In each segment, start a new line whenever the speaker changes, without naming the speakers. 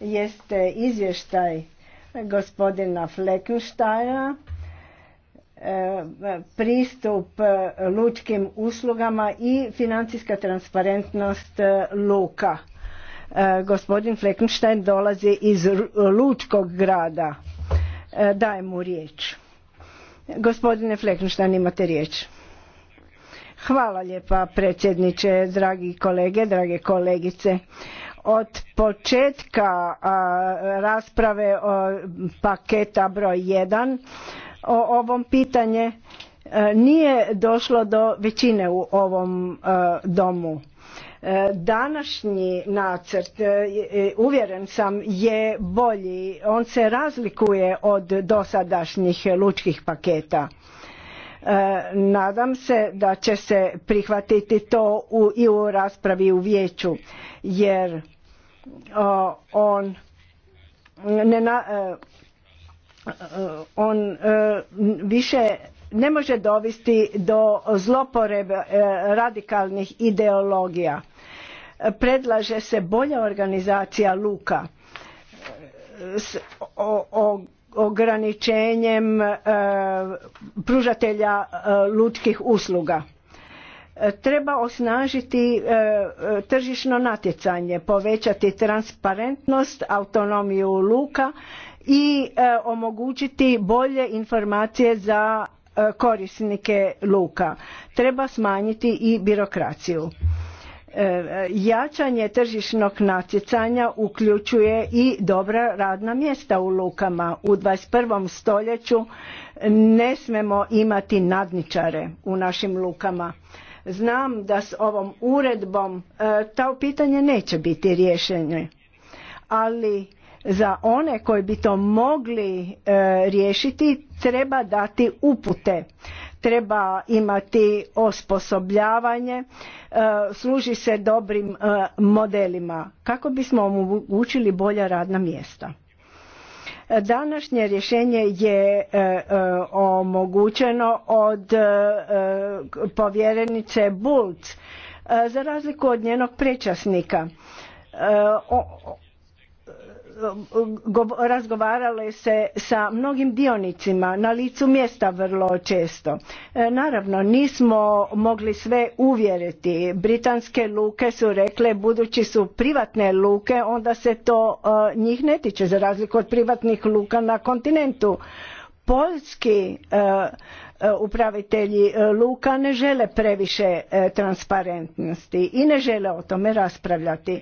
jeste izvještaj gospodina Fleckensteina e, pristup lučkim uslugama i financijska transparentnost luka. E, gospodin Fleckenstein dolazi iz lučkog grada. E, dajem mu riječ. Gospodine Fleckenstein, imate riječ. Hvala lijepa predsjedniče, dragi kolege, drage kolegice od početka rasprave paketa broj 1 o ovom pitanju e, nije došlo do većine u ovom e, domu. E, današnji nacrt, uvjeren sam, je bolji. On se razlikuje od dosadašnjih lučkih paketa. Nadam se da će se prihvatiti to i u raspravi u vijeću, jer on ne e, on e, više ne može dovesti do zloporebe e, radikalnih ideologija. Predlaže se bolja organizacija luka s ograničenjem pružatelja lučkih usluga Treba osnažiti e, e, tržišno natjecanje, povećati transparentnost, autonomiju luka i e, omogućiti bolje informacije za korisnike luka. Treba smanjiti i birokraciju. Jačanje tržišnog natjecanja uključuje i dobra radna mjesta u lukama. U 21. stoljeću ne smemo imati nadničare u našim lukama. Znam da s ovom uredbom e, to pitanje neće biti riješeno, ali za one koji bi to mogli e, riješiti treba dati upute treba imati osposobljavanje e, služi se dobrim modelima kako bismo omogućili bolja radna mjesta Današnje rješenje je e, e, omogućeno od e, povjerenice Bulc za razliku od njenog prečasnika razgovarale se sa mnogim dionicima na licu mjesta vrlo često. E, naravno, nismo mogli sve uvjeriti. Britanske luke su rekle, budući su privatne luke, onda se to e, njih ne tiče, za razliku od privatnih luka na kontinentu. Poljski e, upravitelji luka ne žele previše transparentnosti i ne žele o tome raspravljati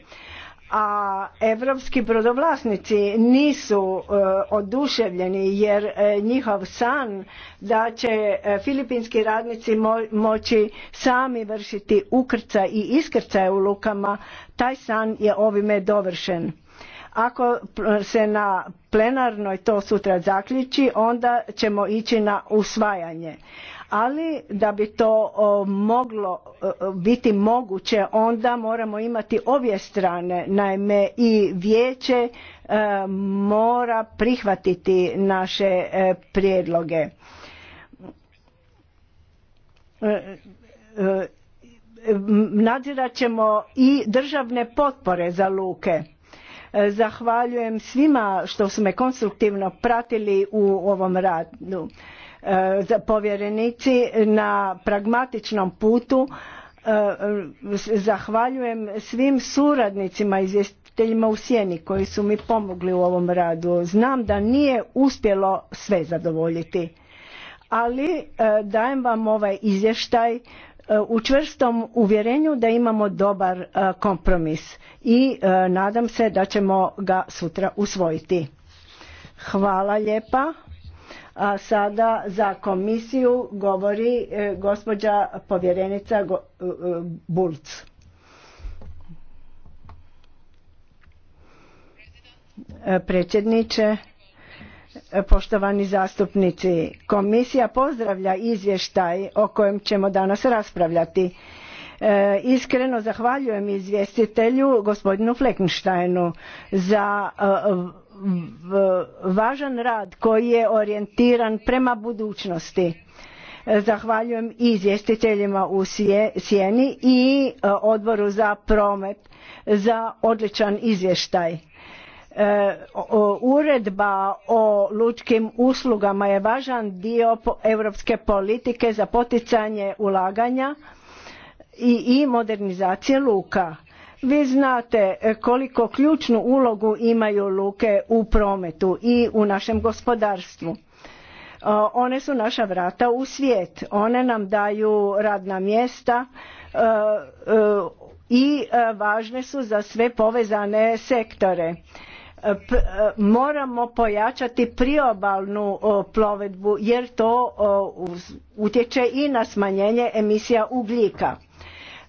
a evropski brodovlasnici nisu e, oduševljeni jer e, njihov san da će e, filipinski radnici moći sami vršiti ukrca i iskrcaje u lukama taj san je ovime dovršen ako se na plenarnoj to sutra zaključi onda ćemo ići na usvajanje ali da bi to moglo biti moguće onda moramo imati obje strane naime i vijeće e, mora prihvatiti naše e, prijedloge e, nadzirat ćemo i državne potpore za luke zahvaljujem svima što su me konstruktivno pratili u ovom radu E, povjerenici na pragmatičnom putu e, zahvaljujem svim suradnicima izvjestiteljima u sjeni koji su mi pomogli u ovom radu znam da nije uspjelo sve zadovoljiti ali e, dajem vam ovaj izvještaj u čvrstom uvjerenju da imamo dobar kompromis i nadam se da ćemo ga sutra usvojiti hvala lijepa a sada za komisiju govori e, gospođa povjerenica e, e, Bulc. Predsjedniče, poštovani zastupnici, komisija pozdravlja izvještaj o kojem ćemo danas raspravljati. iskreno zahvaljujem izvjestitelju gospodinu Fleckensteinu za važan rad koji je orijentiran prema budućnosti. Zahvaljujem i izvjestiteljima u Sjeni i e, odboru za promet za odličan izvještaj. E, Uredba o lučkim uslugama je važan dio europske politike za poticanje ulaganja i modernizacije luka vi znate e, koliko ključnu ulogu imaju luke u prometu i u našem gospodarstvu. E, one su naša vrata u svijet, one nam daju radna mjesta e, i važne su za sve povezane sektore. Moramo pojačati priobalnu plovedbu jer to utječe i na smanjenje emisija ugljika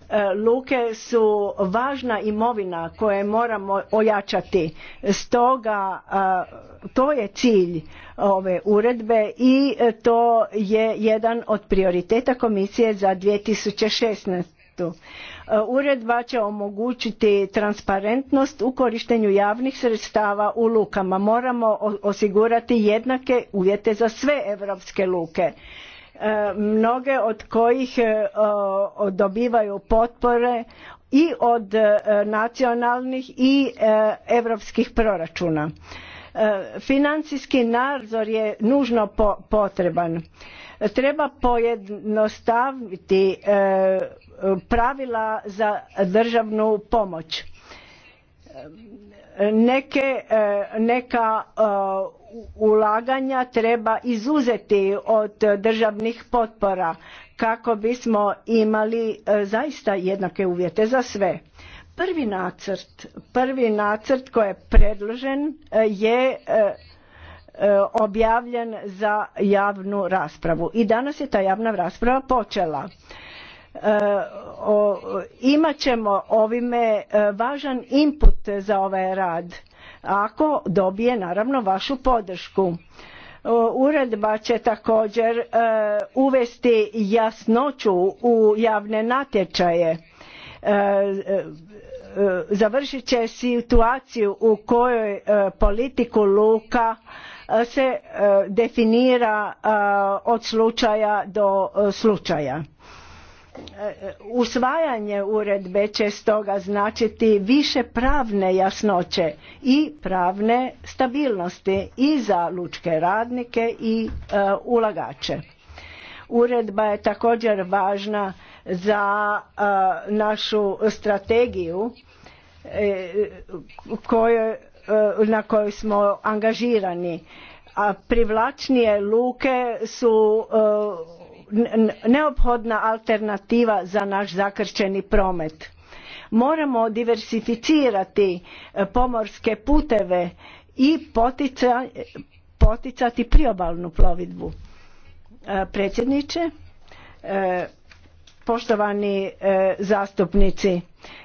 E, luke su važna imovina koje moramo ojačati stoga e, to je cilj ove uredbe i to je jedan od prioriteta komisije za 2016. E, uredba će omogućiti transparentnost u korištenju javnih sredstava u lukama. Moramo osigurati jednake uvjete za sve europske luke E, mnoge od kojih e, dobivaju potpore i od e, nacionalnih i europskih proračuna. Financijski nadzor je nužno potreban. Treba pojednostaviti pravila za državnu pomoć Neke, e, neka e, ulaganja treba izuzeti od državnih potpora kako bismo imali e, zaista jednake uvjete za sve. Prvi nacrt, prvi nacrt koji je predložen je objavljen za javnu raspravu i danas je ta javna rasprava počela imat ćemo ovime e, važan input za ovaj rad ako dobije naravno vašu podršku uredba će također e, uvesti jasnoću u javne natječaje e, završit će situaciju u kojoj politiku luka se definira od slučaja do slučaja usvajanje uredbe će stoga značiti više pravne jasnoće i pravne stabilnosti i za lučke radnike i e, ulagače. Uredba je također važna za e, našu strategiju e, na kojoj smo angažirani a privlačnije luke su neophodna alternativa za naš zakrčeni promet moramo diversificirati e, pomorske puteve i poticati priobalnu plovidbu e, predsjedniče e, Poštovani e, zastupnici,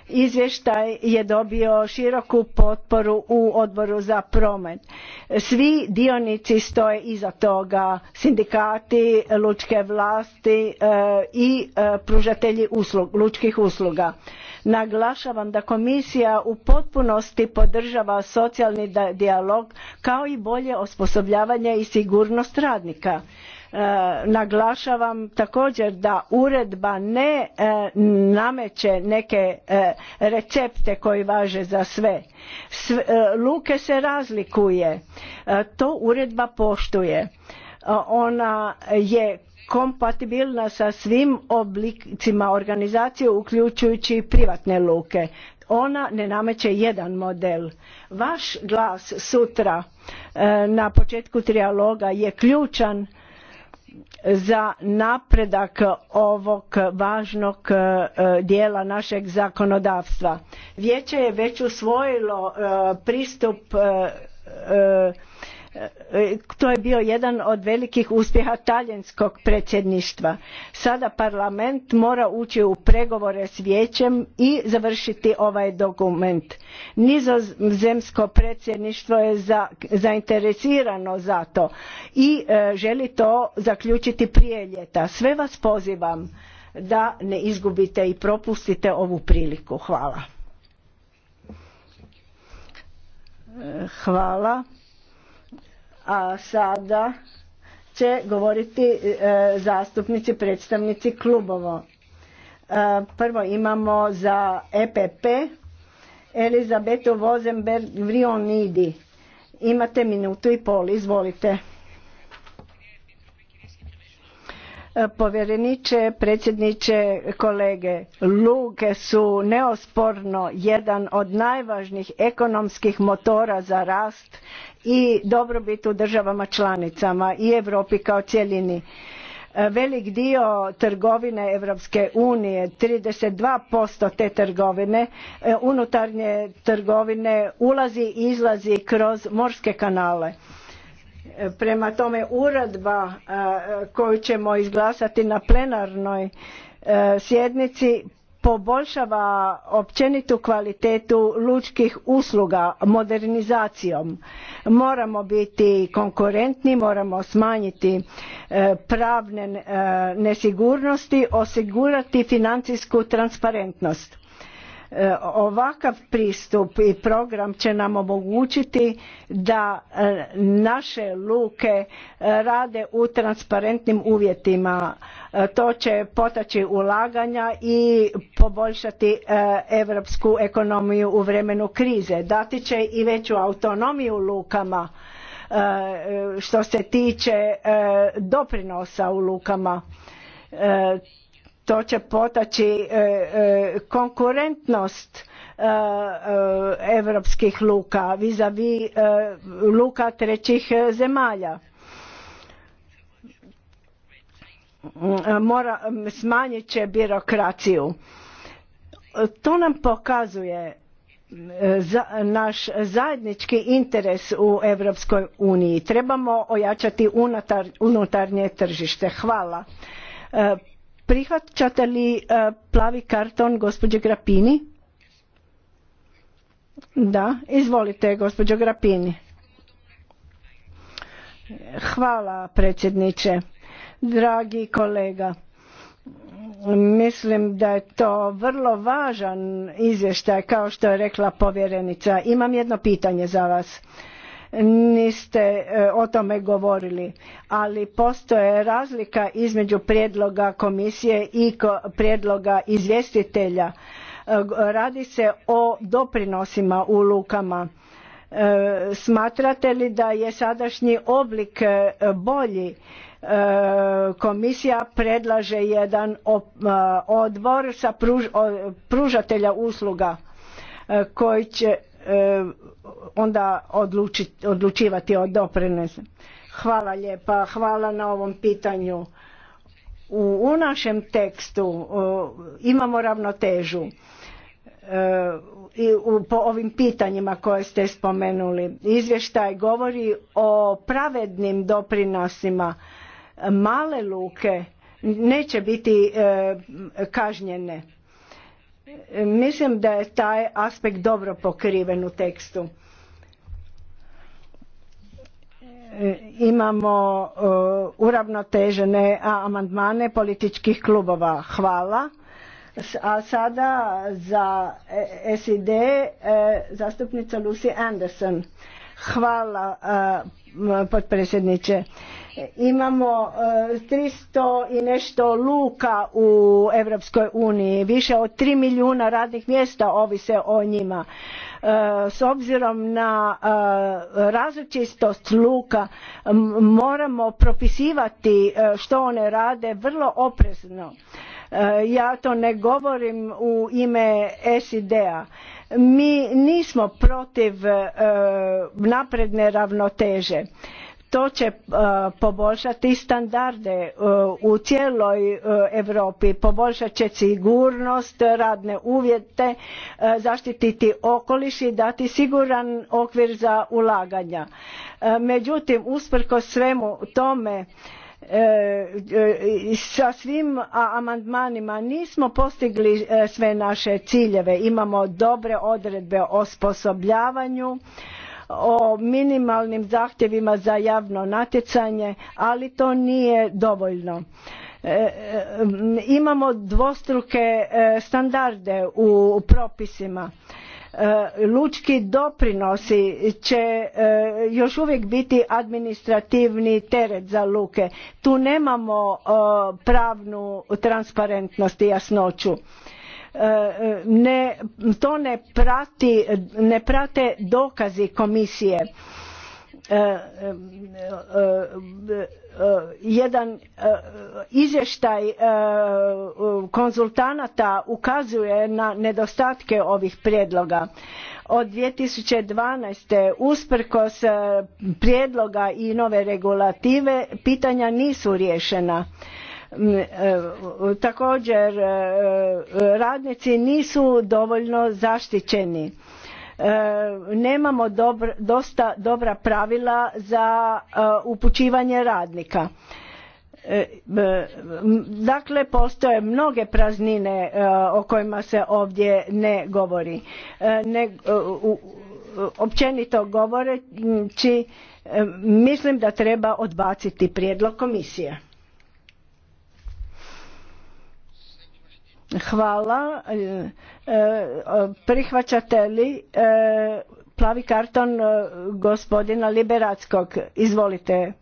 izvještaj je dobio široku potporu u odboru za promet. Svi dionici stoje iza toga, sindikati, lučke vlasti e, i e, pružatelji lučkih usluga. Naglašavam da komisija u potpunosti podržava socijalni dijalog kao i bolje osposobljavanje i sigurnost radnika E, naglašavam također da uredba ne e, nameće neke e, recepte koji važe za sve. Luke se razlikuje. To uredba poštuje. Ona je kompatibilna sa svim oblicima organizacije uključujući i privatne luke. Ona ne nameće jedan model. Vaš glas sutra na početku trijaloga je ključan za napredak ovog važnog e, dijela našeg zakonodavstva. Vijeće je već usvojilo e, pristup e, E, to je bio jedan od velikih uspjeha talijanskog predsjedništva sada parlament mora ući u pregovore s vijećem i završiti ovaj dokument nizozemsko predsjedništvo je zainteresirano za to i e, želi to zaključiti prije ljeta sve vas pozivam da ne izgubite i propustite ovu priliku hvala e, hvala a sada će govoriti e, zastupnici, predstavnici klubova. E, prvo imamo za EPP Elizabetu Vozenberg Vrionidi. Imate minutu i pol, izvolite. E, povjereniče, predsjedniče, kolege. Luke su neosporno jedan od najvažnijih ekonomskih motora za rast i dobrobit u državama članicama i Europi kao cjelini. E, velik dio trgovine Europske unije, 32% te trgovine, e, unutarnje trgovine ulazi i izlazi kroz morske kanale Prema tome uredba e, koju ćemo izglasati na plenarnoj e, sjednici poboljšava općenitu kvalitetu lučkih usluga modernizacijom. Moramo biti konkurentni, moramo smanjiti e, pravne nesigurnosti, osigurati financijsku transparentnost E, ovakav pristup i program će nam omogućiti da e, naše luke e, rade u transparentnim uvjetima. To će potaći ulaganja i poboljšati europsku ekonomiju u vremenu krize. Dati će i veću autonomiju lukama što se tiče doprinosa u lukama to će potaći e, e, konkurentnost europskih e, luka vis-a-vis luka trećih zemalja mora smanjit će birokraciju to nam pokazuje naš zajednički interes u Europskoj uniji. Trebamo ojačati unutarnje tržište. Hvala. Prihvaćate li e, plavi karton gospođe Grapini? Da, izvolite gospođo Grapini. Hvala predsjedniče. Dragi kolega, mislim da je to vrlo važan izvještaj kao što je rekla povjerenica. Imam jedno pitanje za vas niste e, o tome govorili ali postoje razlika između prijedloga komisije i prijedloga izvjestitelja e, radi se o doprinosima u lukama e, smatrate li da je sadašnji oblik bolji komisija predlaže jedan odbor sa pružatelja usluga koji će E, onda odlučivati o doprinese. Hvala lijepa, hvala na ovom pitanju. U, u našem tekstu e, imamo ravnotežu e, i u, po ovim pitanjima koje ste spomenuli. Izvještaj govori o pravednim doprinosima male luke neće biti kažnjene Mislim da je taj aspekt dobro pokriven u tekstu. E, imamo e, uravnotežene amandmane političkih klubova. Hvala. A sada za e, SID zastupnica Lucy Anderson. Hvala potpredsjedniče. E, imamo e, tristo i nešto luka u Europskoj uniji, više od tri milijuna radnih mjesta ovise o njima. E, s obzirom na različitost luka moramo propisivati što one rade vrlo oprezno. Ja to ne govorim u ime SID-a. Mi nismo protiv napredne ravnoteže to će e, poboljšati standarde e, u cijeloj e, Europi, poboljšat će sigurnost, radne uvjete, zaštititi okoliš i dati siguran okvir za ulaganja. Međutim, usprkos svemu tome sa svim amandmanima nismo postigli sve naše ciljeve. Imamo dobre odredbe o osposobljavanju, o minimalnim zahtjevima za javno natjecanje ali to nije dovoljno e, e, mm, imamo dvostruke e, standarde u propisima lučki doprinosi će još uvijek biti administrativni teret za luke tu nemamo pravnu transparentnost i jasnoću E, to ne, prate dokazi komisije e, e, jedan izvještaj konzultanata ukazuje na nedostatke ovih prijedloga. Od 2012. usprkos prijedloga i nove regulative pitanja nisu riješena Mm, e, također e, radnici nisu dovoljno zaštićeni. E, nemamo dosta dobra pravila za upućivanje radnika dakle postoje mnoge praznine o kojima se ovdje ne govori općenito govoreći mislim da treba odbaciti prijedlog komisije Hvala. E, e, prihvaćate li e, plavi karton gospodina Liberackog? Izvolite.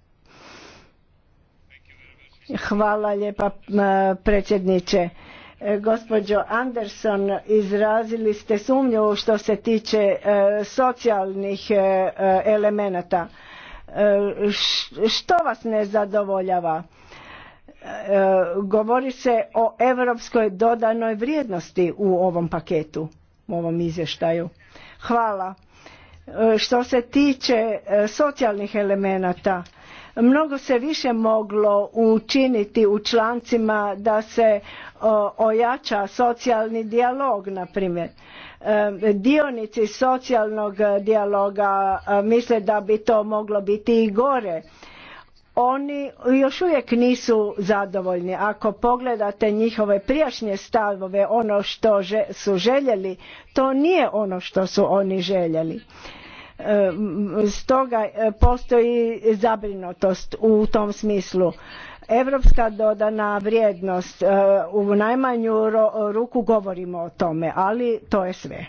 Hvala lijepa predsjedniče. Gospođo Anderson, izrazili ste sumnju što se tiče socijalnih elemenata. Što vas ne zadovoljava? E, govori se o europskoj dodanoj vrijednosti u ovom paketu, u ovom izvještaju. Hvala. E, što se tiče e, socijalnih elemenata, mnogo se više moglo učiniti u člancima da se ojača socijalni dijalog, na primjer. Dionici socijalnog dijaloga misle da bi to moglo biti i gore oni još uvijek nisu zadovoljni. Ako pogledate njihove prijašnje stavove, ono što su željeli, to nije ono što su oni željeli. E, stoga e, postoji zabrinutost u tom smislu. Europska dodana vrijednost, e, u najmanju ruku govorimo o tome, ali to je sve.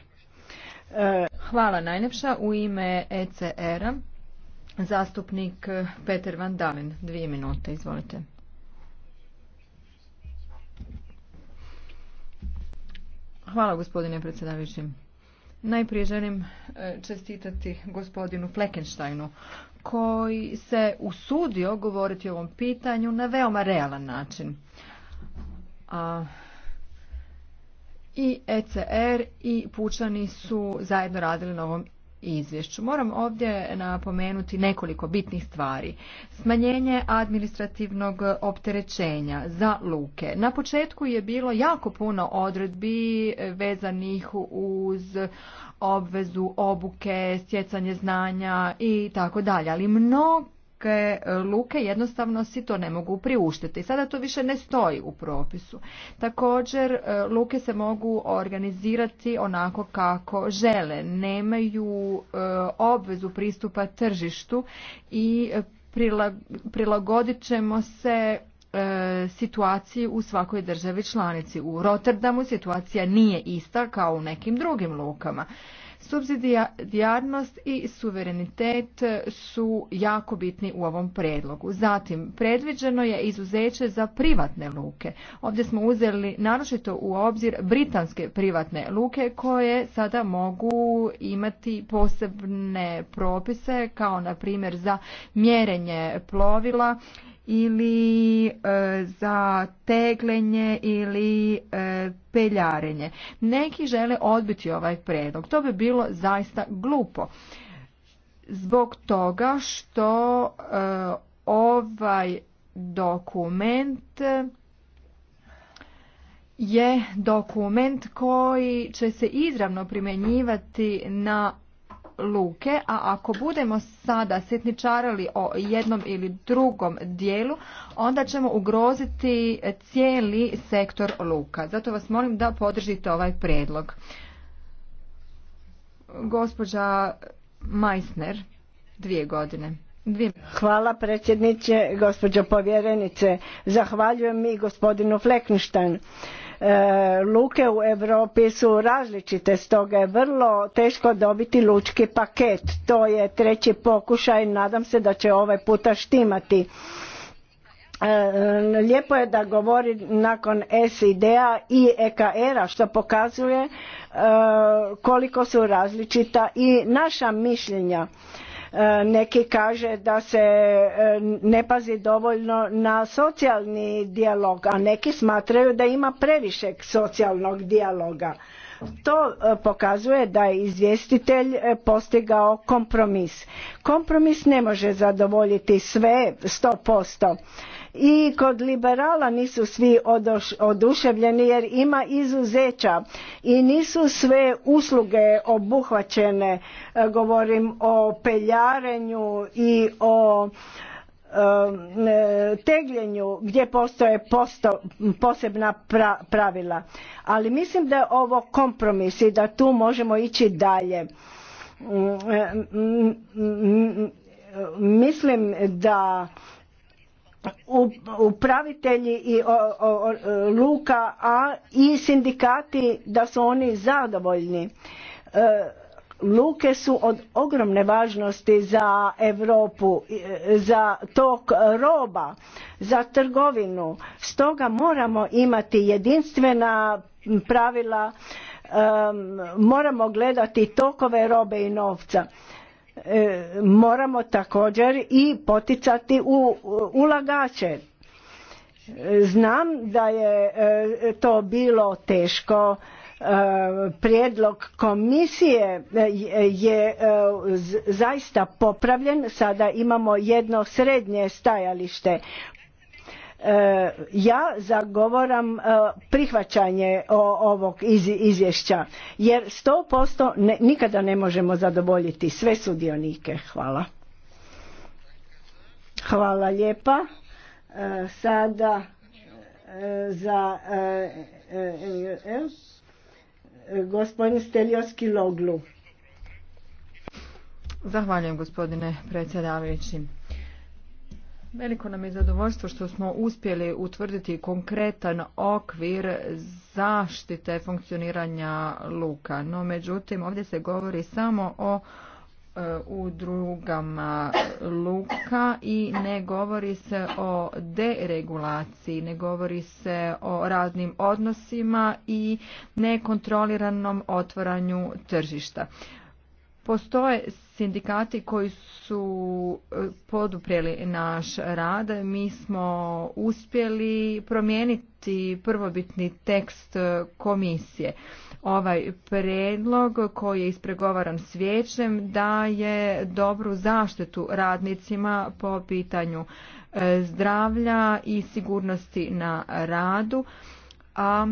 Hvala najljepša u ime ecr Zastupnik eh, Peter Van Dalen, dvije minute, izvolite. Hvala gospodine predsjedavajući. Najprije želim eh, čestitati gospodinu Fleckensteinu koji se usudio govoriti o ovom pitanju na veoma realan način. A, I ECR i Pučani su zajedno radili na ovom izvješću. Moram ovdje napomenuti nekoliko bitnih stvari. Smanjenje administrativnog opterećenja za luke. Na početku je bilo jako puno odredbi vezanih uz obvezu obuke, stjecanje znanja i tako dalje, ali mnogo luke jednostavno si to ne mogu priuštiti. Sada to više ne stoji u propisu. Također e, luke se mogu organizirati onako kako žele. Nemaju e, obvezu pristupa tržištu i prilagodit ćemo se e, situaciji u svakoj državi članici. U Rotterdamu situacija nije ista kao u nekim drugim lukama. Subsidijarnost i suverenitet su jako bitni u ovom predlogu. Zatim, predviđeno je izuzeće za privatne luke. Ovdje smo uzeli naročito u obzir britanske privatne luke koje sada mogu imati posebne propise kao na primjer za mjerenje plovila ili e, za teglenje ili e, peljarenje. Neki žele odbiti ovaj predlog. To bi bilo zaista glupo. Zbog toga što e, ovaj dokument je dokument koji će se izravno primjenjivati na luke, a ako budemo sada sitničarali o jednom ili drugom dijelu, onda ćemo ugroziti cijeli sektor luka. Zato vas molim da podržite ovaj
predlog. Gospođa Majsner, dvije godine. Hvala predsjedniče, gospođo povjerenice. Zahvaljujem i gospodinu Fleckensteinu E, luke u Europi su različite, stoga je vrlo teško dobiti lučki paket. To je treći pokušaj, nadam se da će ovaj puta štimati. E, lijepo je da govori nakon SID-a i EKR-a što pokazuje e, koliko su različita i naša mišljenja E, neki kaže da se e, ne pazi dovoljno na socijalni dijalog, a neki smatraju da ima previše socijalnog dijaloga. To e, pokazuje da je izvjestitelj postigao kompromis. Kompromis ne može zadovoljiti sve sto posto i kod liberala nisu svi oduševljeni jer ima izuzeća i nisu sve usluge obuhvaćene govorim o peljarenju i o tegljenju gdje postoje posebna pravila ali mislim da je ovo kompromis i da tu možemo ići dalje mislim da upravitelji i luka a i sindikati da su oni zadovoljni e, luke su od ogromne važnosti za Europu, e, za tok roba, za trgovinu. Stoga moramo imati jedinstvena pravila, e, moramo gledati tokove robe i novca. E, moramo također i poticati u ulagače e, znam da je e, to bilo teško prijedlog komisije je zaista popravljen sada imamo jedno srednje stajalište E, ja zagovaram e, prihvaćanje ovog izvješća jer sto posto nikada ne možemo zadovoljiti sve sudionike. Hvala. Hvala lijepa. E, sada za gospodin steljoski Loglu.
Zahvaljujem gospodine predsjedavajući. Veliko nam je zadovoljstvo što smo uspjeli utvrditi konkretan okvir zaštite funkcioniranja luka. No, međutim, ovdje se govori samo o e, udrugama luka i ne govori se o deregulaciji, ne govori se o raznim odnosima i nekontroliranom otvaranju tržišta. Postoje sindikati koji su e, poduprijeli naš rad. Mi smo uspjeli promijeniti prvobitni tekst e, komisije. Ovaj predlog koji je ispregovaran s vijećem daje dobru zaštitu radnicima po pitanju e, zdravlja i sigurnosti na radu, a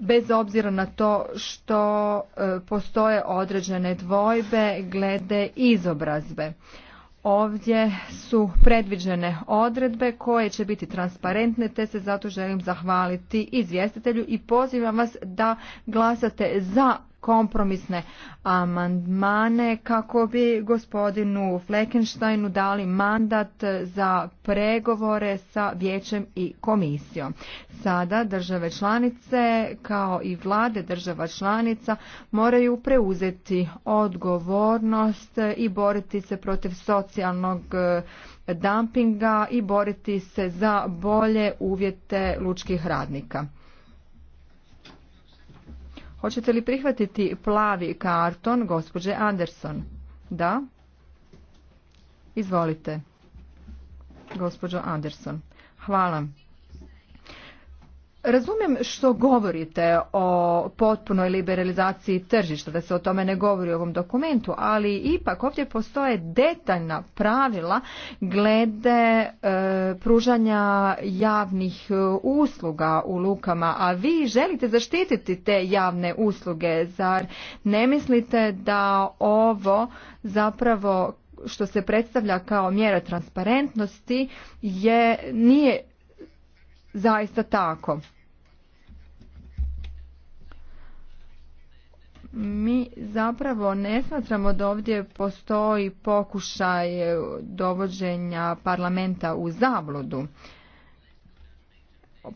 bez obzira na to što e, postoje određene dvojbe glede izobrazbe. Ovdje su predviđene odredbe koje će biti transparentne, te se zato želim zahvaliti izvjestitelju i pozivam vas da glasate za kompromisne amandmane kako bi gospodinu Fleckensteinu dali mandat za pregovore sa vijećem i komisijom. Sada države članice kao i vlade država članica moraju preuzeti odgovornost i boriti se protiv socijalnog e, dumpinga i boriti se za bolje uvjete lučkih radnika. Hoćete li prihvatiti plavi karton gospođe Anderson? Da. Izvolite. Gospođo Anderson. Hvala. Razumijem što govorite o potpunoj liberalizaciji tržišta, da se o tome ne govori u ovom dokumentu, ali ipak ovdje postoje detaljna pravila glede e, pružanja javnih e, usluga u lukama, a vi želite zaštititi te javne usluge, zar ne mislite da ovo zapravo što se predstavlja kao mjera transparentnosti je nije zaista tako. Mi zapravo ne smatramo da ovdje postoji pokušaj dovođenja parlamenta u zabludu.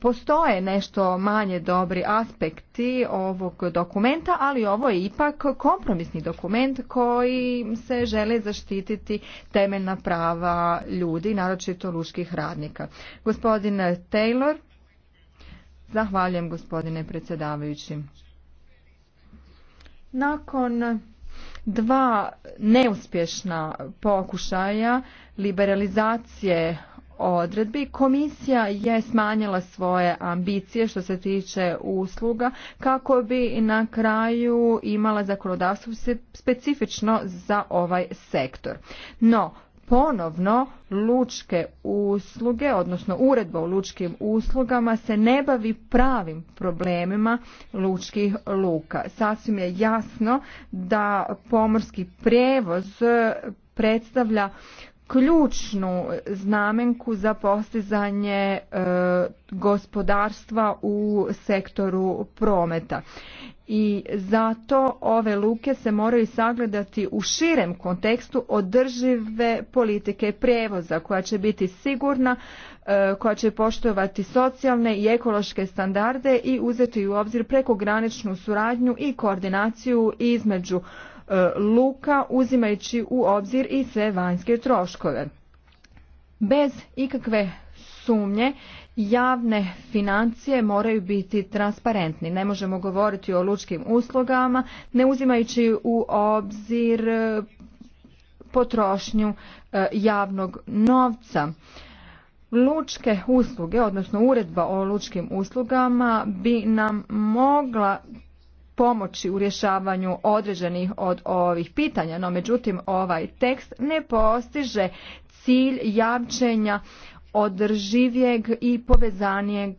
Postoje nešto manje dobri aspekti ovog dokumenta, ali ovo je ipak kompromisni dokument koji se žele zaštititi temeljna prava ljudi, naročito luških radnika. Gospodin Taylor, zahvaljujem gospodine predsjedavajući. Nakon dva neuspješna pokušaja liberalizacije odredbi. Komisija je smanjila svoje ambicije što se tiče usluga kako bi na kraju imala zakonodavstvo specifično za ovaj sektor. No, ponovno lučke usluge, odnosno uredba o lučkim uslugama se ne bavi pravim problemima lučkih luka. Sasvim je jasno da pomorski prijevoz predstavlja ključnu znamenku za postizanje e, gospodarstva u sektoru prometa i zato ove luke se moraju sagledati u širem kontekstu održive politike prijevoza koja će biti sigurna, e, koja će poštovati socijalne i ekološke standarde i uzeti u obzir prekograničnu suradnju i koordinaciju između E, luka uzimajući u obzir i sve vanjske troškove. Bez ikakve sumnje javne financije moraju biti transparentni. Ne možemo govoriti o lučkim uslugama ne uzimajući u obzir e, potrošnju e, javnog novca. Lučke usluge, odnosno uredba o lučkim uslugama bi nam mogla pomoći u rješavanju određenih od ovih pitanja, no međutim ovaj tekst ne postiže cilj jamčenja održivijeg i povezanijeg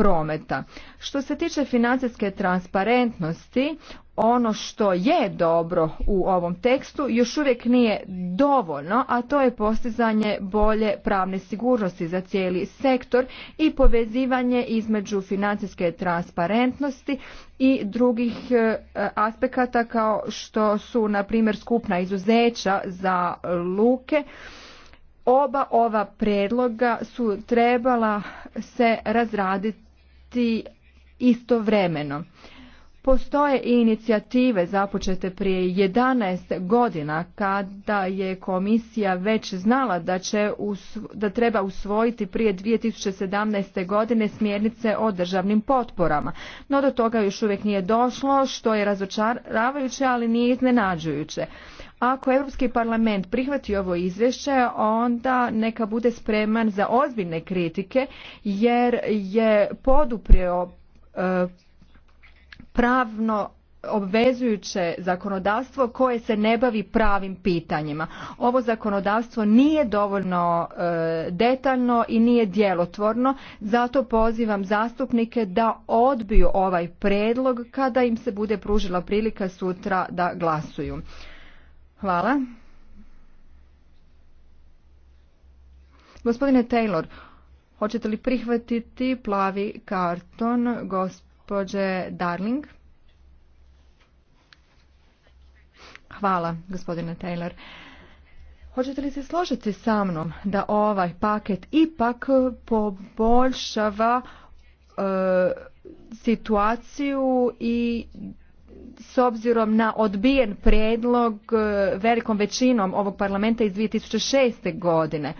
prometa. Što se tiče financijske transparentnosti, ono što je dobro u ovom tekstu još uvijek nije dovoljno, a to je postizanje bolje pravne sigurnosti za cijeli sektor i povezivanje između financijske transparentnosti i drugih e, aspekata kao što su na primjer skupna izuzeća za luke. Oba ova predloga su trebala se razraditi istovremeno. Postoje i inicijative započete prije 11 godina kada je komisija već znala da, će da treba usvojiti prije 2017. godine smjernice o državnim potporama. No do toga još uvijek nije došlo što je razočaravajuće ali nije iznenađujuće. Ako Europski parlament prihvati ovo izvješće, onda neka bude spreman za ozbiljne kritike, jer je poduprio e, pravno obvezujuće zakonodavstvo koje se ne bavi pravim pitanjima. Ovo zakonodavstvo nije dovoljno e, detaljno i nije djelotvorno, zato pozivam zastupnike da odbiju ovaj predlog kada im se bude pružila prilika sutra da glasuju. Hvala. Gospodine Taylor, hoćete li prihvatiti plavi karton gospođe Darling? Hvala, gospodine Taylor. Hoćete li se složiti sa mnom da ovaj paket ipak poboljšava e, situaciju i s obzirom na odbijen prijedlog e, velikom većinom ovog parlamenta iz 2006. godine.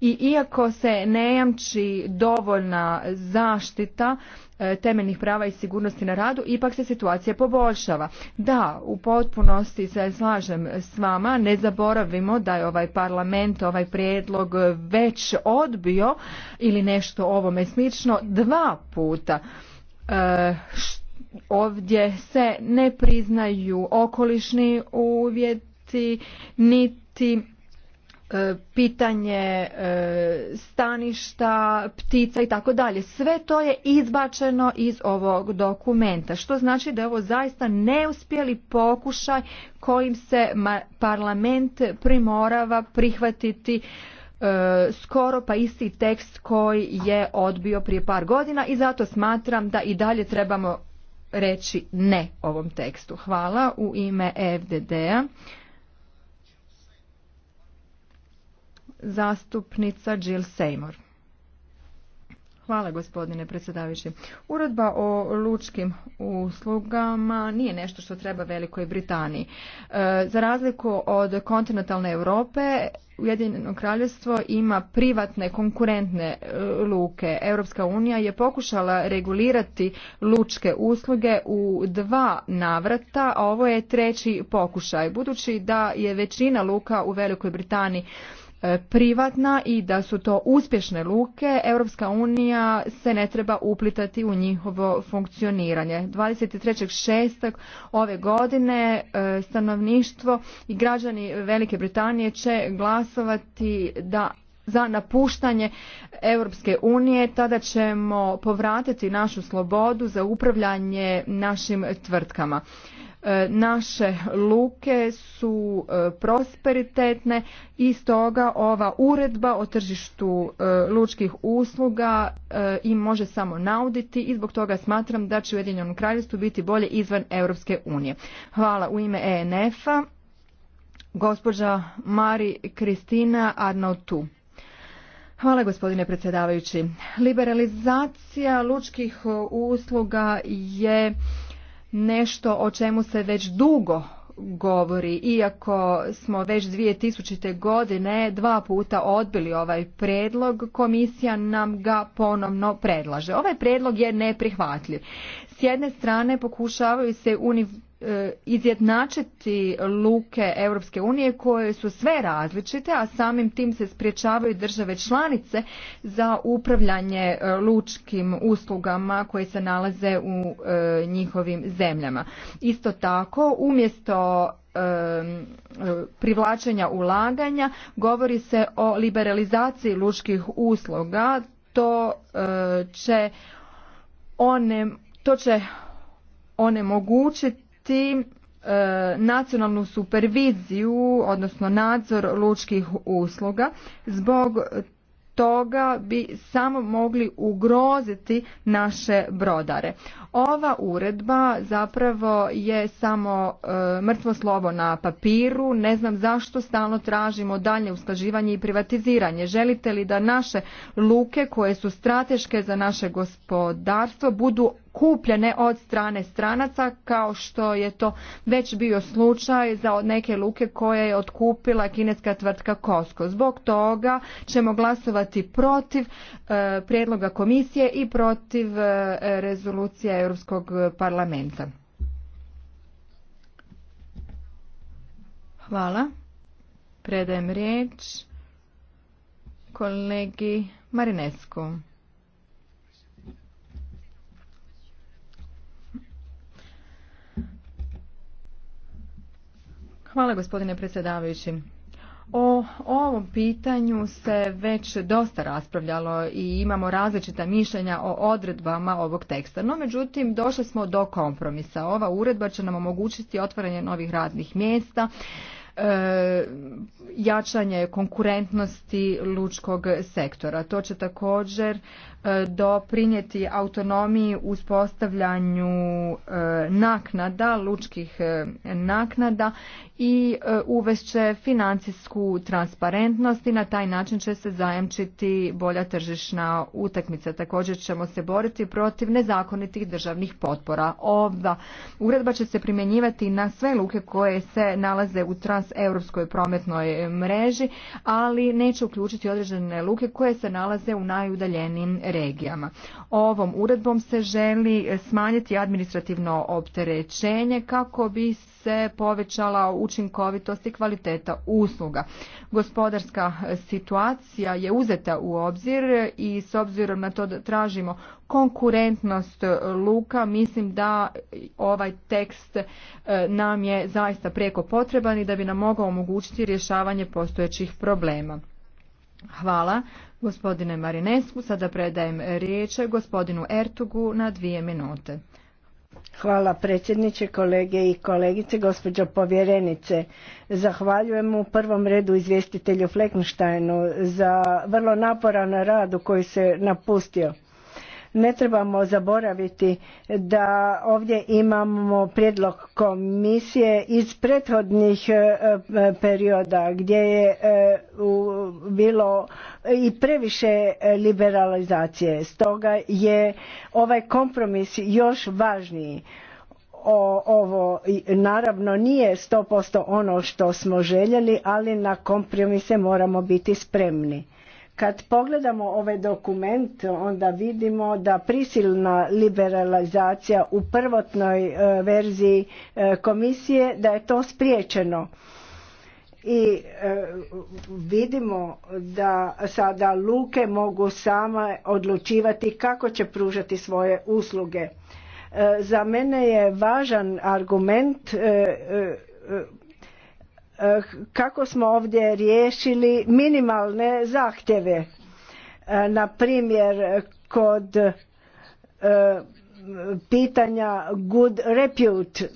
I iako se ne jamči dovoljna zaštita e, temeljnih prava i sigurnosti na radu, ipak se situacija poboljšava. Da, u potpunosti se slažem s vama, ne zaboravimo da je ovaj parlament, ovaj prijedlog već odbio ili nešto ovome slično dva puta. E, što ovdje se ne priznaju okolišni uvjeti niti e, pitanje e, staništa, ptica i tako dalje. Sve to je izbačeno iz ovog dokumenta, što znači da je ovo zaista neuspjeli pokušaj kojim se parlament primorava prihvatiti e, skoro pa isti tekst koji je odbio prije par godina i zato smatram da i dalje trebamo reći ne ovom tekstu. Hvala u ime fdd a Zastupnica Jill Seymour. Hvala gospodine predsjedavajući. Uredba o lučkim uslugama nije nešto što treba Velikoj Britaniji. E, za razliku od kontinentalne Europe, Ujedinjeno kraljevstvo ima privatne konkurentne e, luke. Europska unija je pokušala regulirati lučke usluge u dva navrata, a ovo je treći pokušaj. Budući da je većina luka u Velikoj Britaniji E, privatna i da su to uspješne luke, Europska unija se ne treba uplitati u njihovo funkcioniranje. 23.6. ove godine e, stanovništvo i građani Velike Britanije će glasovati da za napuštanje Europske unije, tada ćemo povratiti našu slobodu za upravljanje našim tvrtkama. E, naše luke su e, prosperitetne i stoga ova uredba o tržištu e, lučkih usluga im može samo nauditi i zbog toga smatram da će Ujedinjenom kraljevstvu biti bolje izvan Europske unije. Hvala u ime ENF-a. Gospođa Mari Kristina Arnautu. Hvala gospodine predsjedavajući. Liberalizacija lučkih usluga je nešto o čemu se već dugo govori, iako smo već 2000. godine dva puta odbili ovaj predlog, komisija nam ga ponovno predlaže. Ovaj predlog je neprihvatljiv. S jedne strane pokušavaju se uni E, izjednačiti luke Europske unije koje su sve različite, a samim tim se spriječavaju države članice za upravljanje e, lučkim uslugama koje se nalaze u e, njihovim zemljama. Isto tako, umjesto privlačenja ulaganja govori se o liberalizaciji lučkih usluga. To će one, to će onemogućiti E, nacionalnu superviziju, odnosno nadzor lučkih usluga. Zbog toga bi samo mogli ugroziti naše brodare. Ova uredba zapravo je samo e, mrtvo slovo na papiru. Ne znam zašto stalno tražimo dalje usklađivanje i privatiziranje. Želite li da naše luke koje su strateške za naše gospodarstvo budu kupljene od strane stranaca kao što je to već bio slučaj za neke luke koje je otkupila kineska tvrtka Kosko. Zbog toga ćemo glasovati protiv e, prijedloga komisije i protiv e, rezolucije Europskog parlamenta. Hvala. Predajem riječ kolegi Marinesku. Hvala gospodine predsjedavajući. O ovom pitanju se već dosta raspravljalo i imamo različita mišljenja o odredbama ovog teksta. No, međutim, došli smo do kompromisa. Ova uredba će nam omogućiti otvaranje novih radnih mjesta, E, jačanje konkurentnosti lučkog sektora. To će također e, doprinijeti autonomiji uspostavljanju e, naknada, lučkih naknada i će financijsku transparentnost i na taj način će se zajamčiti bolja tržišna utakmica. Također ćemo se boriti protiv nezakonitih državnih potpora. Ova uredba će se primjenjivati na sve luke koje se nalaze u trans europskoj prometnoj mreži, ali neće uključiti određene luke koje se nalaze u najudaljenim regijama. Ovom uredbom se želi smanjiti administrativno opterećenje kako bi se povećala učinkovitost i kvaliteta usluga. Gospodarska situacija je uzeta u obzir i s obzirom na to da tražimo konkurentnost luka, mislim da ovaj tekst e, nam je zaista preko potreban i da bi nam mogao omogućiti rješavanje postojećih problema. Hvala gospodine Marinescu. Sada predajem riječ gospodinu Ertugu na dvije minute.
Hvala predsjedniče, kolege i kolegice, gospođo povjerenice. Zahvaljujem u prvom redu izvjestitelju Fleckensteinu za vrlo naporan rad u koji se napustio. Ne trebamo zaboraviti da ovdje imamo prijedlog komisije iz prethodnih e, e, perioda gdje je e, bilo i previše liberalizacije. Stoga je ovaj kompromis još važniji. ovo naravno nije 100% ono što smo željeli, ali na kompromise moramo biti spremni. Kad pogledamo ovaj dokument, onda vidimo da prisilna liberalizacija u prvotnoj e, verziji e, komisije, da je to spriječeno. I e, vidimo da sada luke mogu sama odlučivati kako će pružati svoje usluge. Za mene je važan argument Eh, kako smo ovdje riješili minimalne zahtjeve eh, na primjer kod eh, pitanja good repute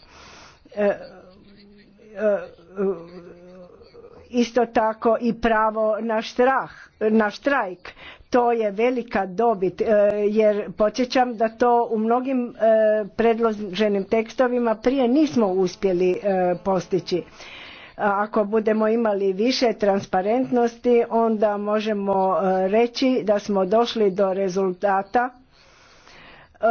isto tako i pravo na strah na štrajk to je velika dobit jer podsjećam da to u mnogim predloženim tekstovima prije nismo uspjeli postići ako budemo imali više transparentnosti, onda možemo e, reći da smo došli do rezultata e,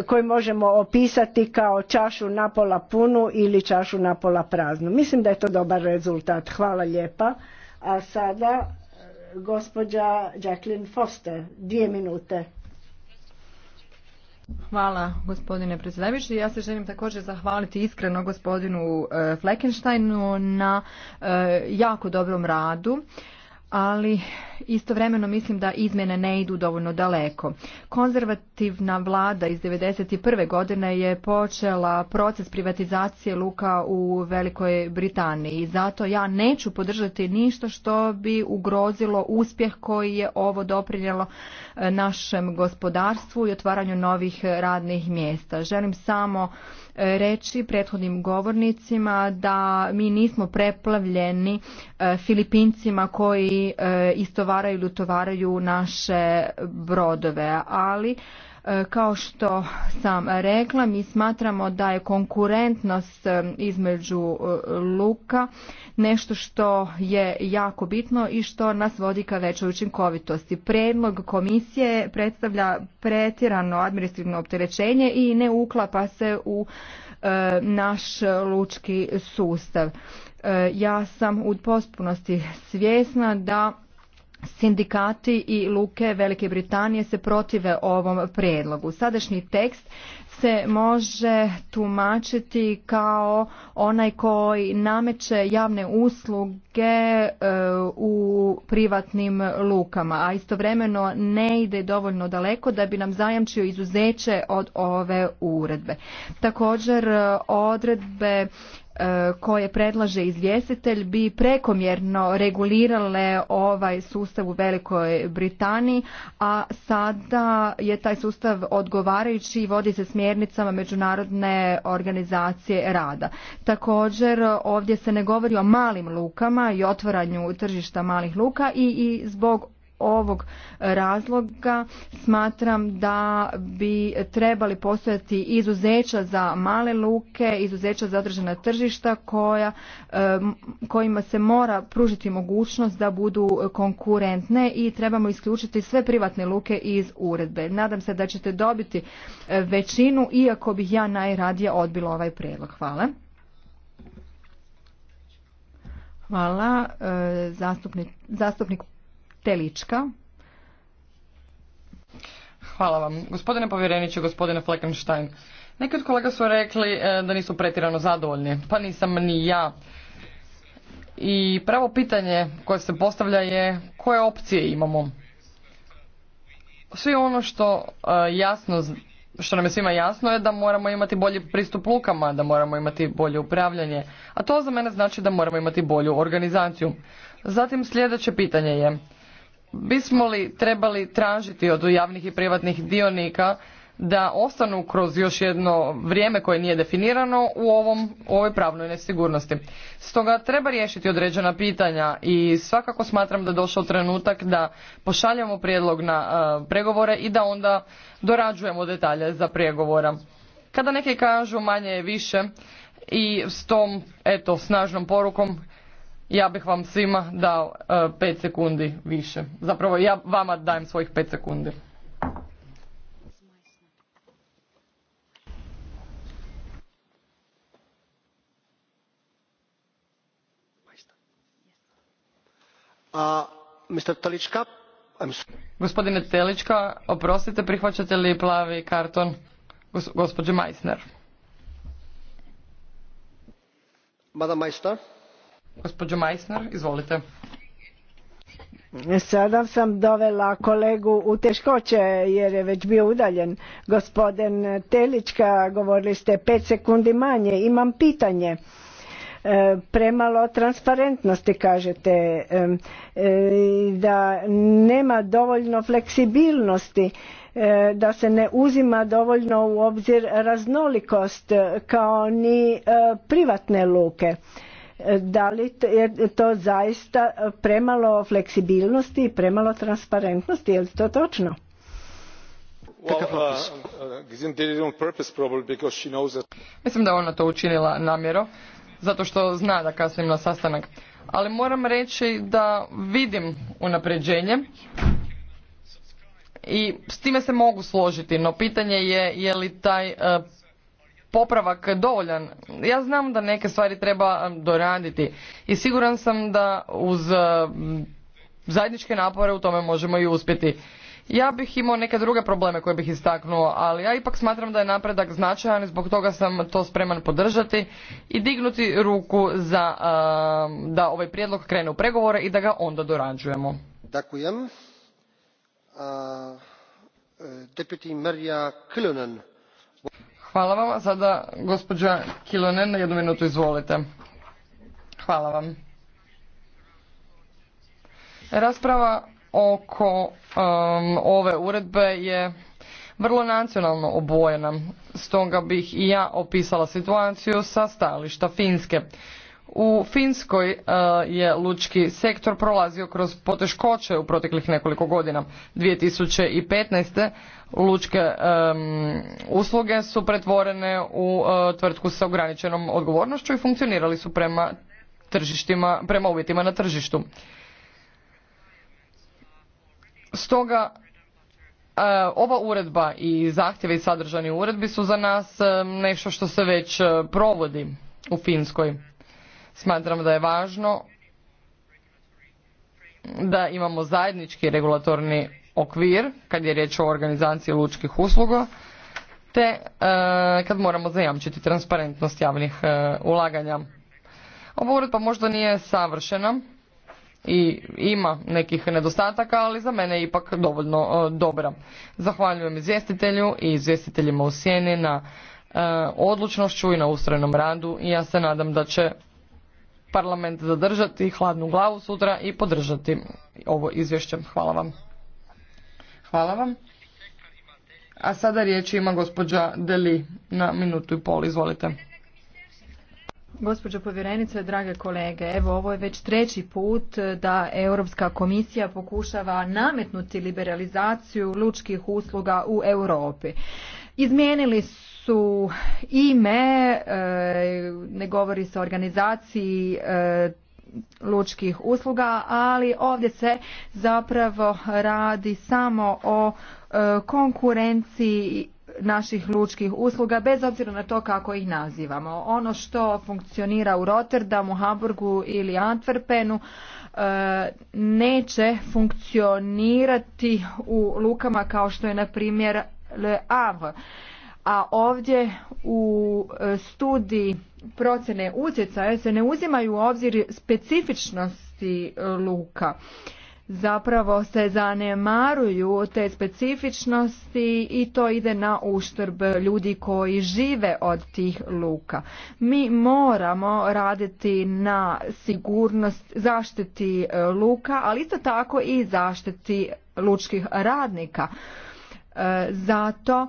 e, koji možemo opisati kao čašu napola punu ili čašu napola praznu. Mislim da je to dobar rezultat. Hvala lijepa. A sada gospođa Jacqueline Foster, dvije minute. Hvala
gospodine predsjedavajući. Ja se želim također zahvaliti iskreno gospodinu e, Fleckensteinu na e, jako dobrom radu ali istovremeno mislim da izmjene ne idu dovoljno daleko. Konzervativna vlada iz 1991. godine je počela proces privatizacije luka u Velikoj Britaniji. Zato ja neću podržati ništa što bi ugrozilo uspjeh koji je ovo doprinjelo našem gospodarstvu i otvaranju novih radnih mjesta. Želim samo e, reći prethodnim govornicima da mi nismo preplavljeni e, Filipincima koji e, istovaraju ili utovaraju naše brodove, ali E, kao što sam rekla, mi smatramo da je konkurentnost e, između e, luka nešto što je jako bitno i što nas vodi ka većoj učinkovitosti. Predlog komisije predstavlja pretjerano administrativno opterećenje i ne uklapa se u naš lučki sustav. Ja sam u potpunosti svjesna da Sindikati i luke Velike Britanije se protive ovom prijedlogu. Sadašnji tekst se može tumačiti kao onaj koji nameće javne usluge e, u privatnim lukama, a istovremeno ne ide dovoljno daleko da bi nam zajamčio izuzeće od ove uredbe. Također e, odredbe E, koje predlaže izvjestitelj bi prekomjerno regulirale ovaj sustav u Velikoj Britaniji, a sada je taj sustav odgovarajući i vodi se smjernicama Međunarodne organizacije rada. Također ovdje se ne govori o malim lukama i otvaranju tržišta malih luka i, i zbog ovog razloga smatram da bi trebali postojati izuzeća za male luke, izuzeća za određena tržišta koja, kojima se mora pružiti mogućnost da budu konkurentne i trebamo isključiti sve privatne luke iz uredbe. Nadam se da ćete dobiti e, većinu iako bih ja najradije odbila ovaj prijedlog. Hvala. Hvala. E, zastupnik, zastupnik Telička.
Hvala vam. Gospodine povjereniče, gospodine Fleckenstein, neki od kolega su rekli e, da nisu pretirano zadovoljni, pa nisam ni ja. I pravo pitanje koje se postavlja je koje opcije imamo. Svi ono što e, jasno što nam je svima jasno je da moramo imati bolji pristup lukama, da moramo imati bolje upravljanje, a to za mene znači da moramo imati bolju organizaciju. Zatim sljedeće pitanje je bismo li trebali tražiti od javnih i privatnih dionika da ostanu kroz još jedno vrijeme koje nije definirano u ovom, ovoj pravnoj nesigurnosti. Stoga treba riješiti određena pitanja i svakako smatram da je došao trenutak da pošaljemo prijedlog na e, pregovore i da onda dorađujemo detalje za pregovora. Kada neki kažu manje je više i s tom eto snažnom porukom ja bih vam svima dao 5 e, pet sekundi više. Zapravo ja vama dajem svojih pet sekundi.
A, Mr.
Gospodine Telička, oprostite, prihvaćate li plavi karton
gospođe Meissner?
Madam Meissner?
Gospođo Majsner, izvolite.
Sada sam dovela kolegu u teškoće jer je već bio udaljen. Gospodin Telička, govorili ste pet sekundi manje. Imam pitanje. E, premalo transparentnosti kažete e, e, da nema dovoljno fleksibilnosti da se ne uzima dovoljno u obzir raznolikost kao ni privatne luke da li je to zaista premalo fleksibilnosti i premalo transparentnosti je li to točno uh, uh,
mislim da je ona to učinila namjero zato što zna da kasnim na sastanak ali moram reći da vidim unapređenje i s time se mogu složiti no pitanje je je li taj uh, popravak dovoljan. Ja znam da neke stvari treba um, doraditi i siguran sam da uz um, zajedničke napore u tome možemo i uspjeti. Ja bih imao neke druge probleme koje bih istaknuo, ali ja ipak smatram da je napredak značajan i zbog toga sam to spreman podržati i dignuti ruku za um, da ovaj prijedlog krene u pregovore i da ga onda dorađujemo.
Dakujem. E, Marija
Hvala vam. Sada gospođa Kilonen jednu minutu izvolite. Hvala vam. Rasprava oko um, ove uredbe je vrlo nacionalno obojena. Stoga bih i ja opisala situaciju sa stajališta Finske. U Finskoj e, je lučki sektor prolazio kroz poteškoće u proteklih nekoliko godina. 2015. lučke usluge su pretvorene u e, tvrtku sa ograničenom odgovornošću i funkcionirali su prema tržištima, prema uvjetima na tržištu. Stoga e, ova uredba i zahtjevi sadržani uredbi su za nas nešto što se već provodi u Finskoj. Smatram da je važno da imamo zajednički regulatorni okvir kad je riječ o organizaciji lučkih usluga te e, kad moramo zajamčiti transparentnost javnih e, ulaganja. Ova uredba možda nije savršena i ima nekih nedostataka, ali za mene je ipak dovoljno e, dobra. Zahvaljujem izvjestitelju i izvjestiteljima u sjeni na e, odlučnošću i na ustrojenom radu i ja se nadam da će parlament zadržati hladnu glavu sutra i podržati ovo izvješće. Hvala vam. Hvala vam. A sada riječ ima gospođa Deli na minutu i pol. Izvolite.
Gospođo povjerenice, drage kolege, evo ovo je već treći put da Europska komisija pokušava nametnuti liberalizaciju lučkih usluga u Europi. Izmijenili su su ime, e, ne govori se o organizaciji e, lučkih usluga, ali ovdje se zapravo radi samo o e, konkurenciji naših lučkih usluga, bez obzira na to kako ih nazivamo. Ono što funkcionira u Rotterdamu, Hamburgu ili Antwerpenu neće funkcionirati u lukama kao što je na primjer Le Havre a ovdje u e, studiji procjene utjecaja se ne uzimaju u obzir specifičnosti e, luka. Zapravo se zanemaruju te specifičnosti i to ide na uštrb ljudi koji žive od tih luka. Mi moramo raditi na sigurnost zaštiti e, luka, ali isto tako i zaštiti lučkih radnika. Zato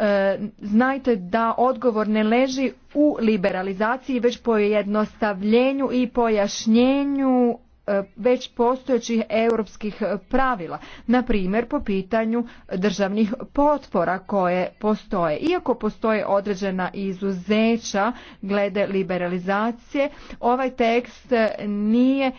E, znajte da odgovor ne leži u liberalizaciji već pojednostavljenju i pojašnjenju e, već postojećih europskih pravila, na primjer po pitanju državnih potpora koje postoje. Iako postoje određena izuzeća glede liberalizacije, ovaj tekst nije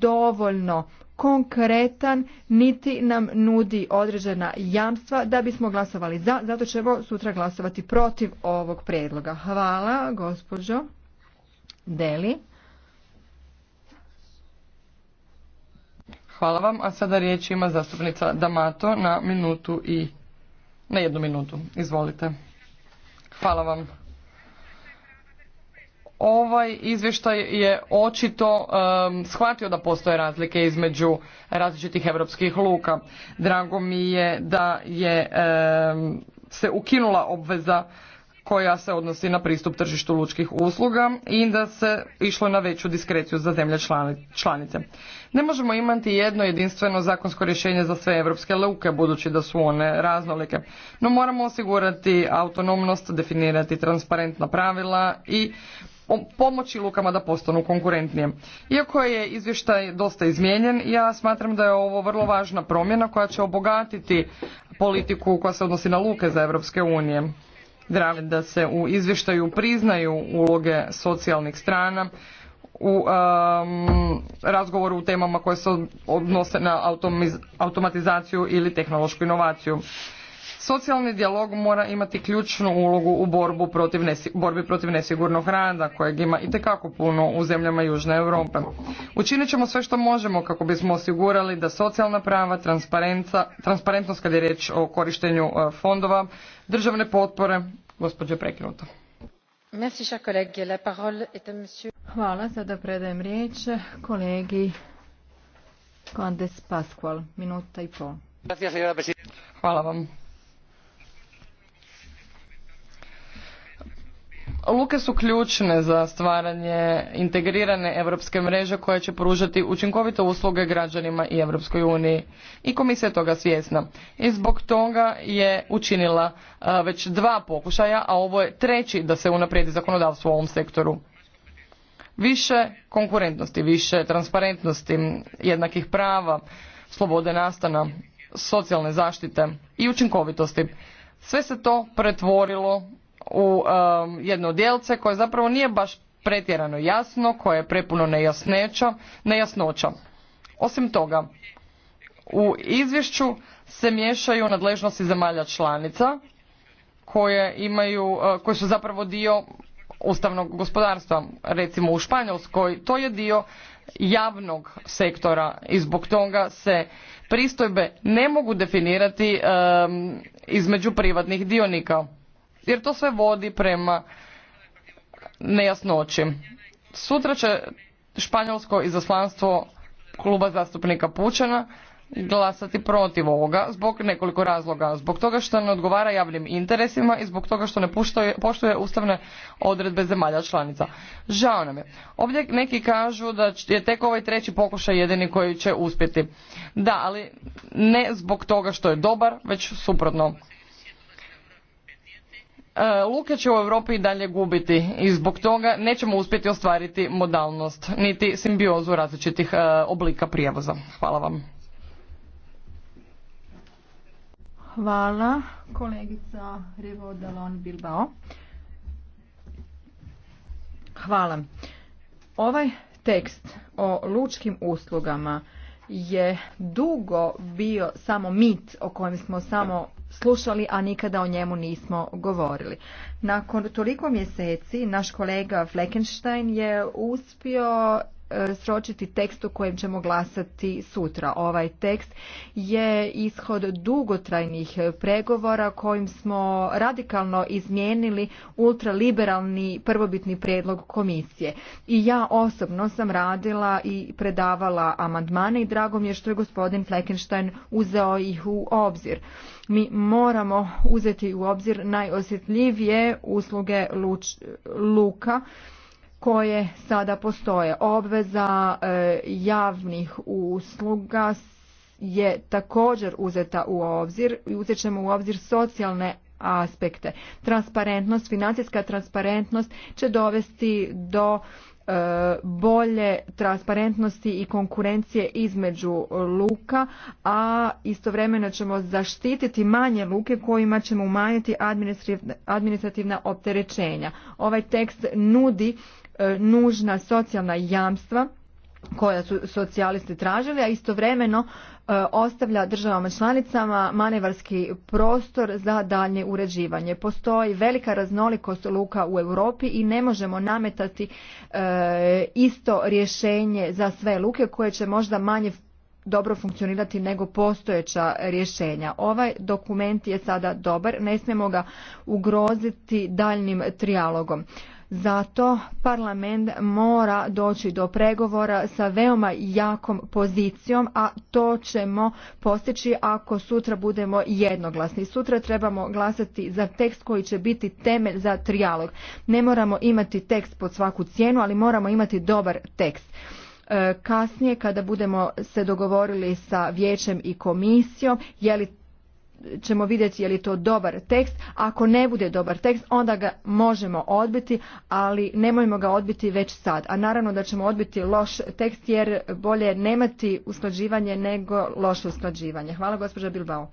dovoljno konkretan niti nam nudi određena jamstva da bismo glasovali za, zato ćemo sutra glasovati protiv ovog prijedloga. Hvala gospođo Deli.
Hvala vam, a sada riječ ima zastupnica Damato na minutu i na jednu minutu. Izvolite. Hvala vam ovaj izvještaj je očito shvatio da postoje razlike između različitih europskih luka. Drago mi je da je se ukinula obveza koja se odnosi na pristup tržištu lučkih usluga i da se išlo na veću diskreciju za zemlje članice. Ne možemo imati jedno jedinstveno zakonsko rješenje za sve europske luke, budući da su one raznolike, no moramo osigurati autonomnost, definirati transparentna pravila i pomoći lukama da postanu konkurentnije. Iako je izvještaj dosta izmijenjen, ja smatram da je ovo vrlo važna promjena koja će obogatiti politiku koja se odnosi na luke za Europske unije. Drago da se u izvještaju priznaju uloge socijalnih strana, u um, razgovoru u temama koje se odnose na automatizaciju ili tehnološku inovaciju. Socijalni dijalog mora imati ključnu ulogu u borbi protiv nesigurnog rada kojeg ima i tekako puno u zemljama Južne Europe. Učinit ćemo sve što možemo kako bismo osigurali da socijalna prava, transparentnost kad je riječ o korištenju e, fondova, državne potpore, gospođo prekinuta.
Hvala, sada predajem riječ kolegi Condes Pasqual, minuta i pol. Hvala vam
Luke su ključne za stvaranje integrirane europske mreže koja će pružati učinkovite usluge građanima i Europskoj uniji. I komisija je toga svjesna. I zbog toga je učinila već dva pokušaja, a ovo je treći da se unaprijedi zakonodavstvo u ovom sektoru. Više konkurentnosti, više transparentnosti, jednakih prava, slobode nastana, socijalne zaštite i učinkovitosti. Sve se to pretvorilo u um, jedno djelce koje zapravo nije baš pretjerano jasno, koje je prepuno nejasnoća. Osim toga, u izvješću se miješaju nadležnosti zemalja članica koje imaju, uh, koje su zapravo dio ustavnog gospodarstva. Recimo u Španjolskoj to je dio javnog sektora i zbog toga se pristojbe ne mogu definirati um, između privatnih dionika jer to sve vodi prema nejasnoći. Sutra će španjolsko izaslanstvo kluba zastupnika Pučana glasati protiv ovoga zbog nekoliko razloga. Zbog toga što ne odgovara javnim interesima i zbog toga što ne poštuje ustavne odredbe zemalja članica. Žao nam je. Ovdje neki kažu da je tek ovaj treći pokušaj jedini koji će uspjeti. Da, ali ne zbog toga što je dobar, već suprotno. E, luke će u Europi i dalje gubiti i zbog toga nećemo uspjeti ostvariti modalnost niti simbiozu različitih e, oblika prijevoza. Hvala vam.
Hvala kolegica Bilbao. Hvala. Ovaj tekst o lučkim uslugama je dugo bio samo mit o kojem smo samo slušali, a nikada o njemu nismo govorili. Nakon toliko mjeseci naš kolega Fleckenstein je uspio E, sročiti tekst o kojem ćemo glasati sutra. Ovaj tekst je ishod dugotrajnih pregovora kojim smo radikalno izmijenili ultraliberalni prvobitni prijedlog komisije. I ja osobno sam radila i predavala amandmane i drago mi je što je gospodin Fleckenstein uzeo ih u obzir. Mi moramo uzeti u obzir najosjetljivije usluge luka koje sada postoje. Obveza e, javnih usluga je također uzeta u obzir i uzet ćemo u obzir socijalne aspekte. Transparentnost, financijska transparentnost će dovesti do e, bolje transparentnosti i konkurencije između luka, a istovremeno ćemo zaštititi manje luke kojima ćemo umanjiti administrativna opterećenja. Ovaj tekst nudi E, nužna socijalna jamstva koja su socijalisti tražili, a istovremeno e, ostavlja državama članicama manevarski prostor za daljnje uređivanje. Postoji velika raznolikost luka u Europi i ne možemo nametati e, isto rješenje za sve luke koje će možda manje dobro funkcionirati nego postojeća rješenja. Ovaj dokument je sada dobar, ne smijemo ga ugroziti daljnim trijalogom. Zato parlament mora doći do pregovora sa veoma jakom pozicijom, a to ćemo postići ako sutra budemo jednoglasni. Sutra trebamo glasati za tekst koji će biti temelj za trijalog. Ne moramo imati tekst pod svaku cijenu, ali moramo imati dobar tekst e, kasnije kada budemo se dogovorili sa vijećem i komisijom je li ćemo vidjeti je li to dobar tekst. Ako ne bude dobar tekst, onda ga možemo odbiti, ali nemojmo ga odbiti već sad. A naravno da ćemo odbiti loš tekst jer bolje nemati usklađivanje nego loše usklađivanje. Hvala gospođa Bilbao.